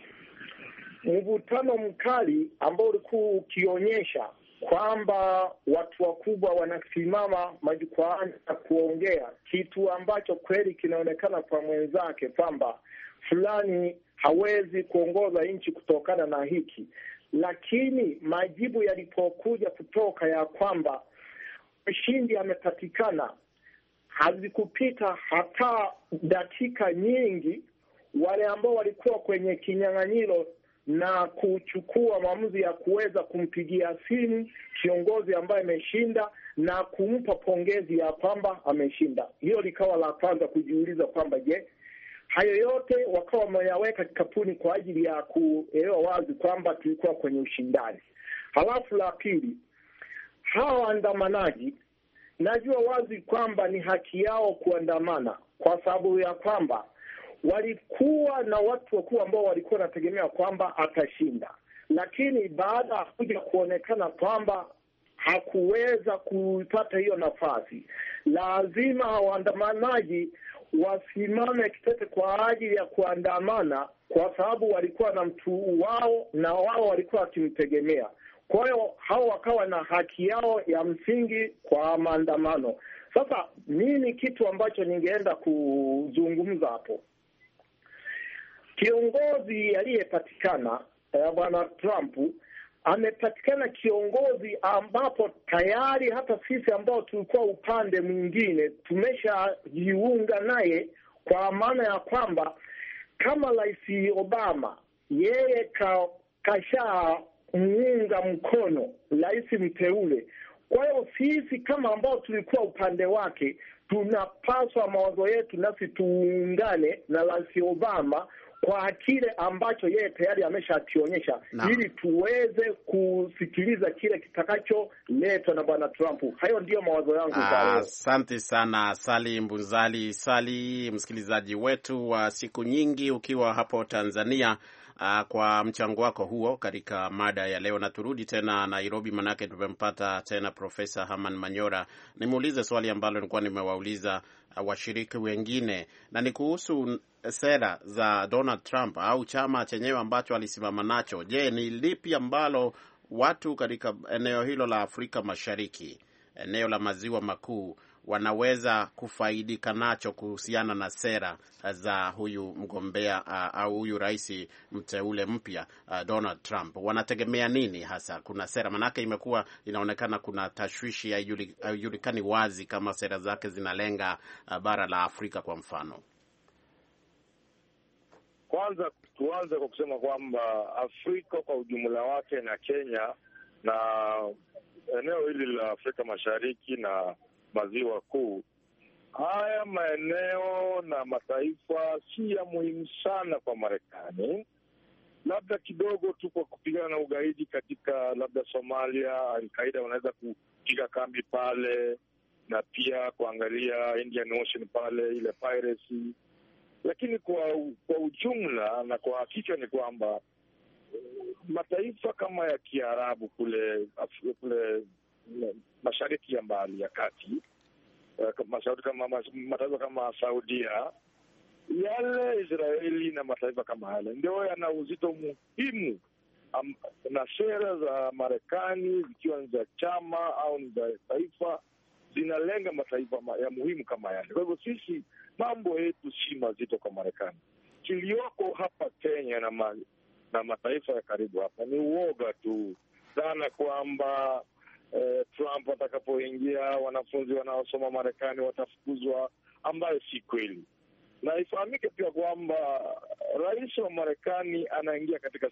mvutano mkali ambao ulikuwa ukionyesha kwamba watu wakubwa wanasimama majukwaani na kuongea kitu ambacho kweli kinaonekana kwa mwenzake kwamba fulani hawezi kuongoza nchi kutokana na hiki. Lakini majibu yalipokuja kutoka ya kwamba mshindi amepatikana, hazikupita hata dakika nyingi, wale ambao walikuwa kwenye kinyang'anyiro na kuchukua maamuzi ya kuweza kumpigia simu kiongozi ambaye ameshinda na kumpa pongezi ya kwamba ameshinda. Hiyo likawa la kwanza kujiuliza kwamba je, Hayo yote wakawa wameyaweka kikapuni kwa ajili ya kuelewa wazi kwamba tulikuwa kwenye ushindani. Halafu la pili, hawa waandamanaji, najua wazi kwamba ni haki yao kuandamana kwa sababu ya kwamba walikuwa na watu wakuu ambao walikuwa wanategemea kwamba atashinda, lakini baada ya kuja kuonekana kwamba hakuweza kupata hiyo nafasi, lazima waandamanaji wasimame kitete kwa ajili ya kuandamana, kwa sababu walikuwa na mtu wao na wao walikuwa wakimtegemea. Kwa hiyo hao wakawa na haki yao ya msingi kwa maandamano. Sasa nini kitu ambacho ningeenda kuzungumza hapo? Kiongozi aliyepatikana eh, bwana Trump amepatikana kiongozi ambapo tayari hata sisi ambao tulikuwa upande mwingine tumeshajiunga naye, kwa maana ya kwamba kama Rais Obama yeye ka, kashamuunga mkono rais mteule. Kwa hiyo sisi kama ambao tulikuwa upande wake tunapaswa mawazo yetu nasi tuungane na Rais Obama kwa kile ambacho yeye tayari ameshakionyesha ili tuweze kusikiliza kile kitakacholetwa na bwana Trump. Hayo ndiyo mawazo yangu. Asante sana Sali Mbunzali. Sali, msikilizaji wetu wa siku nyingi, ukiwa hapo Tanzania uh, kwa mchango wako huo katika mada ya leo, na turudi tena Nairobi, manake tumempata tena Profesa Haman Manyora. Nimuulize swali ambalo nilikuwa nimewauliza uh, washiriki wengine, na ni kuhusu sera za Donald Trump au chama chenyewe ambacho alisimama nacho. Je, ni lipi ambalo watu katika eneo hilo la Afrika Mashariki, eneo la maziwa makuu wanaweza kufaidika nacho kuhusiana na sera eh, za huyu mgombea eh, au huyu rais mteule mpya eh, Donald Trump? Wanategemea nini hasa? Kuna sera maanake, imekuwa inaonekana kuna tashwishi, haijulikani wazi kama sera zake zinalenga bara la Afrika kwa mfano. Kwanza tuanze kwa kusema kwamba Afrika kwa ujumla wake na Kenya na eneo hili la Afrika Mashariki na maziwa kuu. Haya maeneo na mataifa si ya muhimu sana kwa Marekani, labda kidogo tu kwa kupigana na ugaidi katika labda Somalia, Alkaida wanaweza kupiga kambi pale, na pia kuangalia Indian Ocean pale, ile piracy. Lakini kwa kwa ujumla na kwa hakika ni kwamba eh, mataifa kama ya Kiarabu kule kule mashariki ya mbali ya kati, eh, mataifa kama, kama Saudia yale Israeli na mataifa kama yale ndio yana uzito muhimu am, na sera za Marekani zikiwa ni za chama au ni za taifa zinalenga mataifa ya muhimu kama yale. Kwa hivyo sisi mambo yetu si mazito kwa Marekani. Kilioko hapa Kenya na, ma, na mataifa ya karibu hapa ni uoga tu, dhana kwamba eh, Trump atakapoingia wanafunzi wanaosoma Marekani watafukuzwa, ambayo si kweli. Na ifahamike pia kwamba rais wa Marekani anaingia katika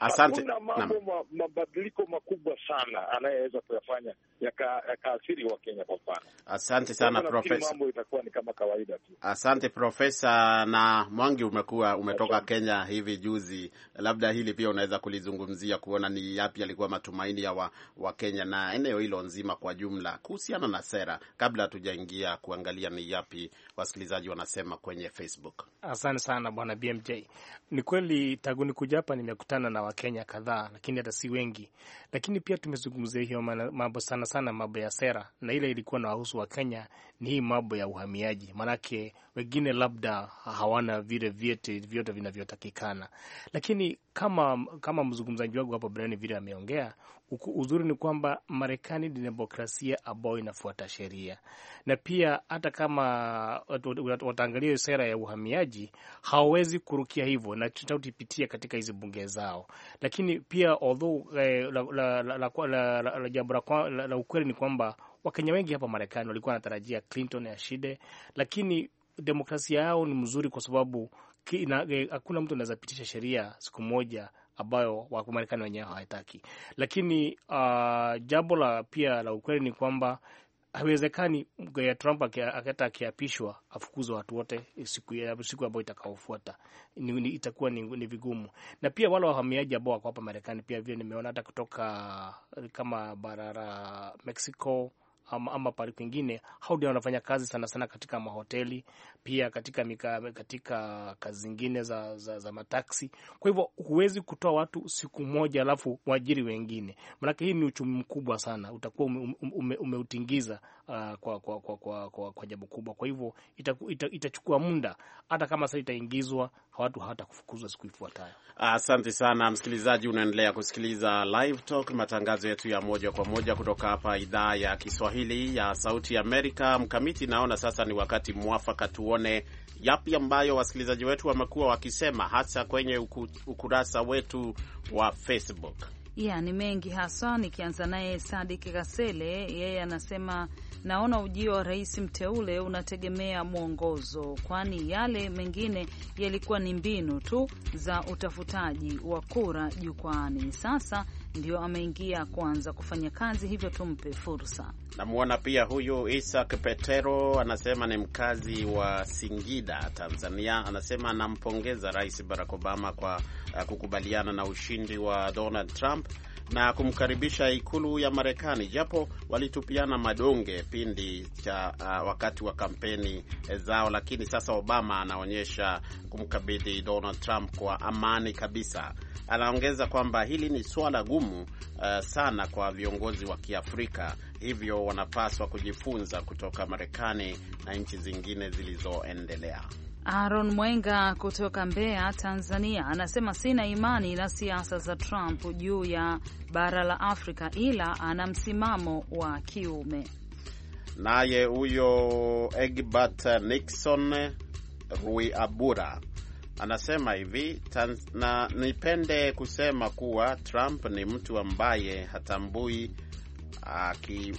Asante. Kuna mambo mabadiliko makubwa sana anayeweza kuyafanya yakaathiri yaka Wakenya kwa mfano. Asante sana profesa, mambo itakuwa ni kama kawaida tu. Asante profesa. Na Mwangi, umekuwa umetoka asante. Kenya hivi juzi, labda hili pia unaweza kulizungumzia kuona ni yapi yalikuwa matumaini ya wa, wa Kenya na eneo hilo nzima kwa jumla kuhusiana na sera, kabla hatujaingia kuangalia ni yapi wasikilizaji wanasema kwenye Facebook. Asante sana bwana BMJ. Ni kweli tangu nikuja hapa nimekutana na Wakenya kadhaa, lakini hata si wengi. Lakini pia tumezungumzia hiyo mambo sana sana, mambo ya sera, na ile ilikuwa na wahusu Wakenya ni hii mambo ya uhamiaji, maanake wengine labda hawana vile vyeti vyote vinavyotakikana. Lakini kama kama mzungumzaji wangu hapo Brian vile ameongea, Uzuri ni kwamba Marekani ni demokrasia ambayo inafuata sheria, na pia hata kama wataangalia sera ya uhamiaji hawawezi kurukia hivyo, na tutapitia katika hizi bunge zao. Lakini pia although eh, la jambo la ukweli ni kwamba Wakenya wengi hapa Marekani walikuwa wanatarajia Clinton ashinde, lakini demokrasia yao ni mzuri kwa sababu eh, hakuna mtu anaweza pitisha sheria siku moja ambayo Wamarekani wenyewe hawataki. Lakini uh, jambo la pia la ukweli ni kwamba haiwezekani Trump akata akiapishwa afukuze watu wote siku ambayo itakaofuata, itakuwa ni, ni vigumu. Na pia wale wahamiaji ambao wako hapa Marekani pia vile nimeona hata kutoka kama bara la Mexico ama, ama pale kwingine hao ndio wanafanya kazi sana sana katika mahoteli pia katika mika, katika kazi zingine za, za, za mataksi. Kwa hivyo huwezi kutoa watu siku moja alafu waajiri wengine, manake hii ni uchumi mkubwa sana, utakuwa umeutingiza ume, ume uh, kwa, kwa, kwa, kwa, kwa, kwa jambo kubwa. Kwa hivyo itachukua ita, ita muda hata kama sasa itaingizwa watu hawatakufukuzwa siku ifuatayo. Asante sana msikilizaji, unaendelea kusikiliza Live Talk, matangazo yetu ya moja kwa moja kutoka hapa idhaa ya Kiswahili Kiswahili ya Sauti Amerika. Mkamiti, naona sasa ni wakati mwafaka tuone yapi ambayo wasikilizaji wetu wamekuwa wakisema hasa kwenye uku, ukurasa wetu wa Facebook. Yeah, ni mengi haswa, nikianza naye Sadiki Kasele, yeye anasema naona ujio wa rais mteule unategemea mwongozo, kwani yale mengine yalikuwa ni mbinu tu za utafutaji wa kura jukwaani. Sasa ndio ameingia kuanza kufanya kazi, hivyo tumpe fursa. Namwona pia huyu Isak Petero anasema ni mkazi wa Singida, Tanzania. Anasema anampongeza Rais Barack Obama kwa uh, kukubaliana na ushindi wa Donald Trump na kumkaribisha ikulu ya Marekani, japo walitupiana madonge pindi cha uh, wakati wa kampeni eh, zao, lakini sasa Obama anaonyesha kumkabidhi Donald Trump kwa amani kabisa. Anaongeza kwamba hili ni swala gumu uh, sana kwa viongozi wa Kiafrika, hivyo wanapaswa kujifunza kutoka Marekani na nchi zingine zilizoendelea. Aaron Mwenga kutoka Mbeya, Tanzania, anasema sina imani na siasa za Trump juu ya bara la Afrika, ila ana msimamo wa kiume. Naye huyo Egbert Nixon rui abura anasema hivi na nipende kusema kuwa Trump ni mtu ambaye hatambui aki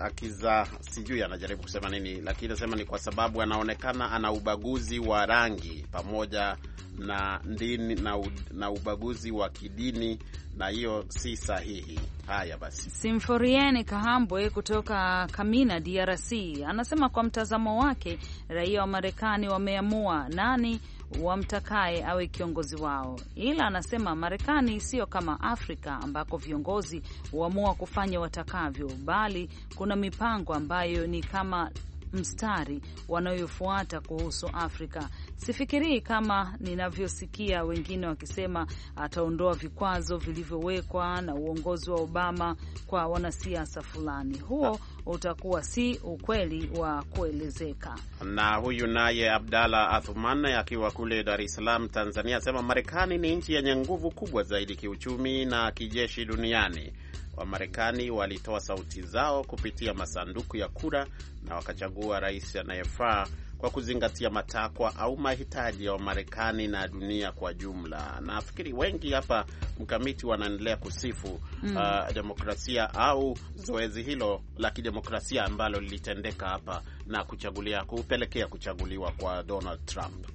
akiza sijui anajaribu kusema nini, lakini nasema ni kwa sababu anaonekana ana ubaguzi wa rangi pamoja na dini na, na ubaguzi wa kidini na hiyo si sahihi. Haya basi, Simforiene Kahambwe kutoka Kamina, DRC anasema kwa mtazamo wake raia wa Marekani wameamua nani wamtakaye awe kiongozi wao, ila anasema Marekani siyo kama Afrika ambako viongozi huamua kufanya watakavyo, bali kuna mipango ambayo ni kama mstari wanayofuata kuhusu Afrika. Sifikirii kama ninavyosikia wengine wakisema ataondoa vikwazo vilivyowekwa na uongozi wa Obama kwa wanasiasa fulani. Huo utakuwa si ukweli wa kuelezeka. Na huyu naye Abdalla Athuman akiwa kule Dar es Salaam, Tanzania, asema Marekani ni nchi yenye nguvu kubwa zaidi kiuchumi na kijeshi duniani. Wamarekani walitoa sauti zao kupitia masanduku ya kura na wakachagua rais anayefaa kwa kuzingatia matakwa au mahitaji ya Wamarekani na dunia kwa jumla. Nafikiri wengi hapa mkamiti wanaendelea kusifu mm, uh, demokrasia au zoezi hilo la kidemokrasia ambalo lilitendeka hapa na kuchagulia kupelekea kuchaguliwa kwa Donald Trump.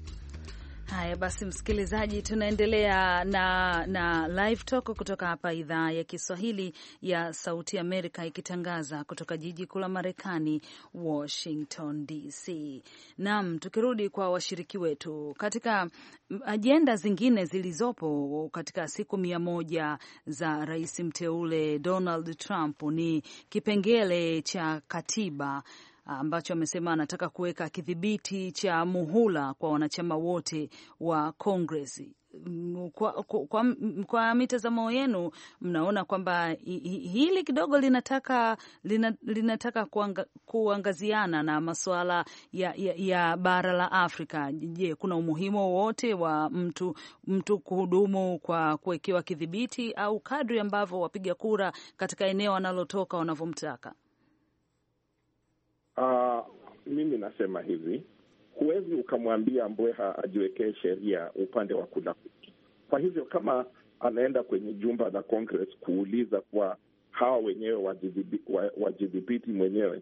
Haya basi, msikilizaji, tunaendelea na, na live talk kutoka hapa idhaa ya Kiswahili ya Sauti Amerika ikitangaza kutoka jiji kuu la Marekani, Washington DC. Naam, tukirudi kwa washiriki wetu katika ajenda zingine zilizopo katika siku mia moja za rais mteule Donald Trump ni kipengele cha katiba ambacho amesema anataka kuweka kidhibiti cha muhula kwa wanachama wote wa Congress. Kwa, kwa, kwa, kwa mitazamo yenu mnaona kwamba hili kidogo linataka linataka kuanga, kuangaziana na masuala ya, ya, ya bara la Afrika. Je, kuna umuhimu wowote wa mtu mtu kuhudumu kwa kuwekewa kidhibiti au kadri ambavyo wapiga kura katika eneo wanalotoka wanavyomtaka? Uh, mimi nasema hivi, huwezi ukamwambia mbweha ajiwekee sheria upande wa kula kuki. Kwa hivyo kama anaenda kwenye jumba la Congress kuuliza kwa hawa wenyewe wajidhibiti mwenyewe,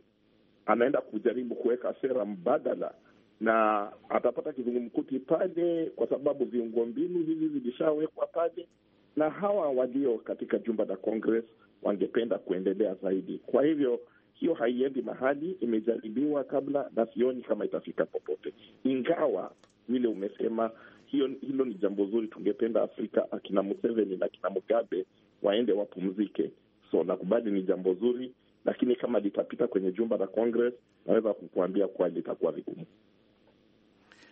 anaenda kujaribu kuweka sera mbadala na atapata kizungumkuti pale, kwa sababu viungo mbinu hivi vilishawekwa pale, na hawa walio katika jumba la Congress wangependa kuendelea zaidi. Kwa hivyo hiyo haiendi mahali, imejaribiwa kabla na sioni kama itafika popote, ingawa vile umesema hiyo, hilo ni jambo zuri. Tungependa Afrika akina Museveni na akina Mugabe waende wapumzike. So nakubali ni jambo zuri, lakini kama litapita kwenye jumba la Congress, naweza kukuambia kuwa litakuwa vigumu.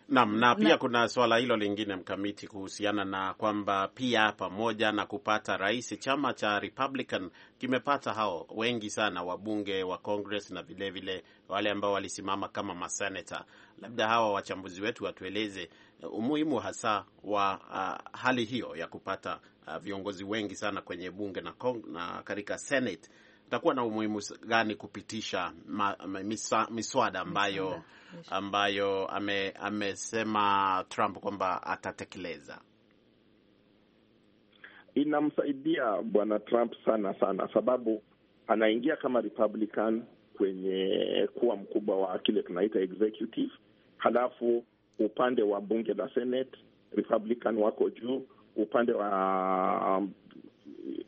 Naam, na pia na... kuna swala hilo lingine mkamiti kuhusiana na kwamba pia pamoja na kupata rais, chama cha Republican kimepata hao wengi sana wabunge wa Congress na vilevile vile wale ambao walisimama kama masenata. Labda hawa wachambuzi wetu watueleze uh, umuhimu hasa wa uh, hali hiyo ya kupata uh, viongozi wengi sana kwenye bunge na, na katika Senate itakuwa na umuhimu gani kupitisha ma, misa, miswada ambayo ambayo ame, amesema Trump kwamba atatekeleza? Inamsaidia bwana Trump sana sana, sababu anaingia kama Republican kwenye kuwa mkubwa wa kile tunaita executive, halafu upande wa bunge la Senate Republican wako juu, upande wa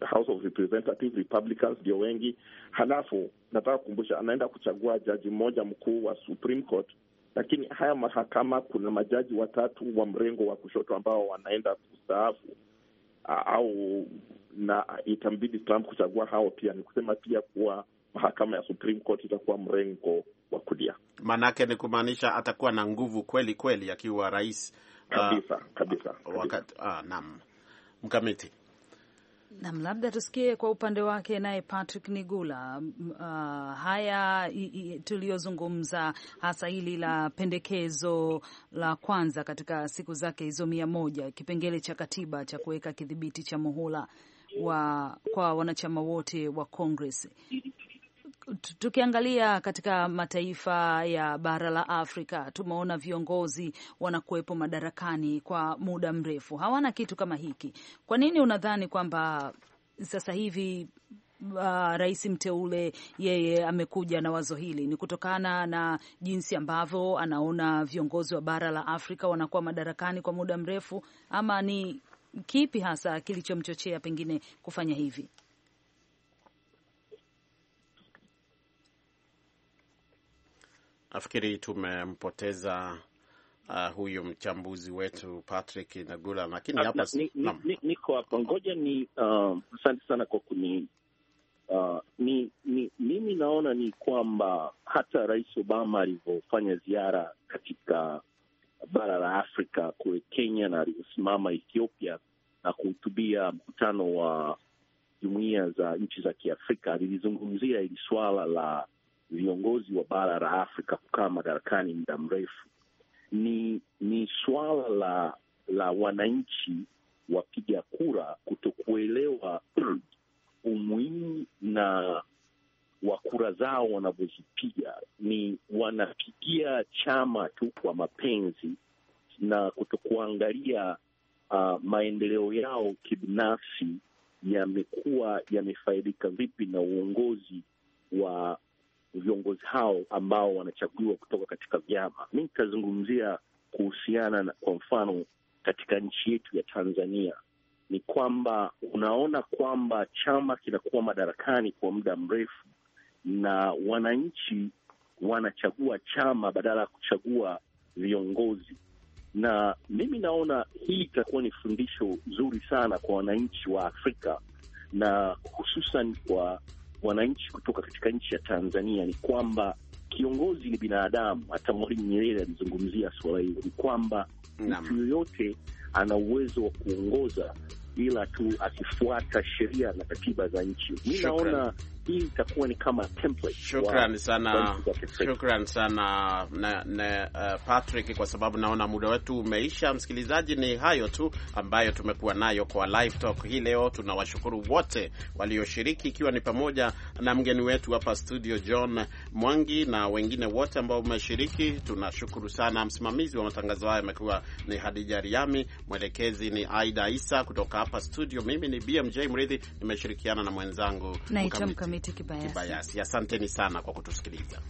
House of Representative, Republicans ndio wengi. Halafu nataka kukumbusha, anaenda kuchagua jaji mmoja mkuu wa Supreme Court, lakini haya mahakama kuna majaji watatu wa mrengo wa kushoto ambao wanaenda kustaafu au na itambidi Trump kuchagua hao pia. Ni kusema pia kuwa mahakama ya Supreme Court itakuwa mrengo wa kulia, maanake ni kumaanisha atakuwa na nguvu kweli kweli akiwa rais kabisa uh, kabisa, kabisa. Wakati, ah, naam mkamiti Nam, labda tusikie kwa upande wake naye Patrick Nigula. Uh, haya tuliyozungumza hasa hili la pendekezo la kwanza katika siku zake hizo mia moja, kipengele cha katiba cha kuweka kidhibiti cha muhula wa kwa wanachama wote wa Congress tukiangalia katika mataifa ya bara la Afrika tumeona viongozi wanakuwepo madarakani kwa muda mrefu, hawana kitu kama hiki. Kwa nini unadhani kwamba sasa hivi Uh, rais mteule yeye amekuja na wazo hili, ni kutokana na jinsi ambavyo anaona viongozi wa bara la Afrika wanakuwa madarakani kwa muda mrefu, ama ni kipi hasa kilichomchochea pengine kufanya hivi? nafikiri tumempoteza uh, huyu mchambuzi wetu Patrick Nagula, lakini ah, hapa niko hapa, ngoja ni uh, asante uh, sana kwa kuni uh, ni, ni, mimi naona ni kwamba hata Rais Obama alivyofanya ziara katika bara la Afrika kule Kenya na alivyosimama Ethiopia na kuhutubia mkutano wa jumuiya za nchi za Kiafrika lilizungumzia hili swala la viongozi wa bara la Afrika kukaa madarakani muda mrefu ni ni suala la la wananchi wapiga kura kutokuelewa umuhimu na wa kura zao wanavyozipiga. Ni wanapigia chama tu kwa mapenzi na kutokuangalia uh, maendeleo yao kibinafsi yamekuwa yamefaidika vipi na uongozi wa viongozi hao ambao wanachaguliwa kutoka katika vyama. Mi nitazungumzia kuhusiana na, kwa mfano katika nchi yetu ya Tanzania ni kwamba unaona kwamba chama kinakuwa madarakani kwa muda mrefu na wananchi wanachagua chama badala ya kuchagua viongozi, na mimi naona hili itakuwa ni fundisho zuri sana kwa wananchi wa Afrika na hususan kwa wananchi kutoka katika nchi ya Tanzania ni kwamba kiongozi ni binadamu. Hata Mwalimu Nyerere alizungumzia suala hilo, ni kwamba mtu yoyote ana uwezo wa kuongoza ila tu akifuata sheria na katiba za nchi. Mi naona hii itakuwa ni kama template. Shukran sana, shukran sana na, na, uh, Patrick, kwa sababu naona muda wetu umeisha. Msikilizaji, ni hayo tu ambayo tumekuwa nayo kwa live talk hii leo. Tunawashukuru wote walioshiriki, ikiwa ni pamoja na mgeni wetu hapa studio John Mwangi na wengine wote ambao umeshiriki. Tunashukuru sana. Msimamizi wa matangazo haya amekuwa ni Hadija Riami, mwelekezi ni Aida Isa. Kutoka hapa studio, mimi ni BMJ Mridhi, nimeshirikiana na mwenzangu Mkamiti Kibayasi. Asanteni sana kwa kutusikiliza.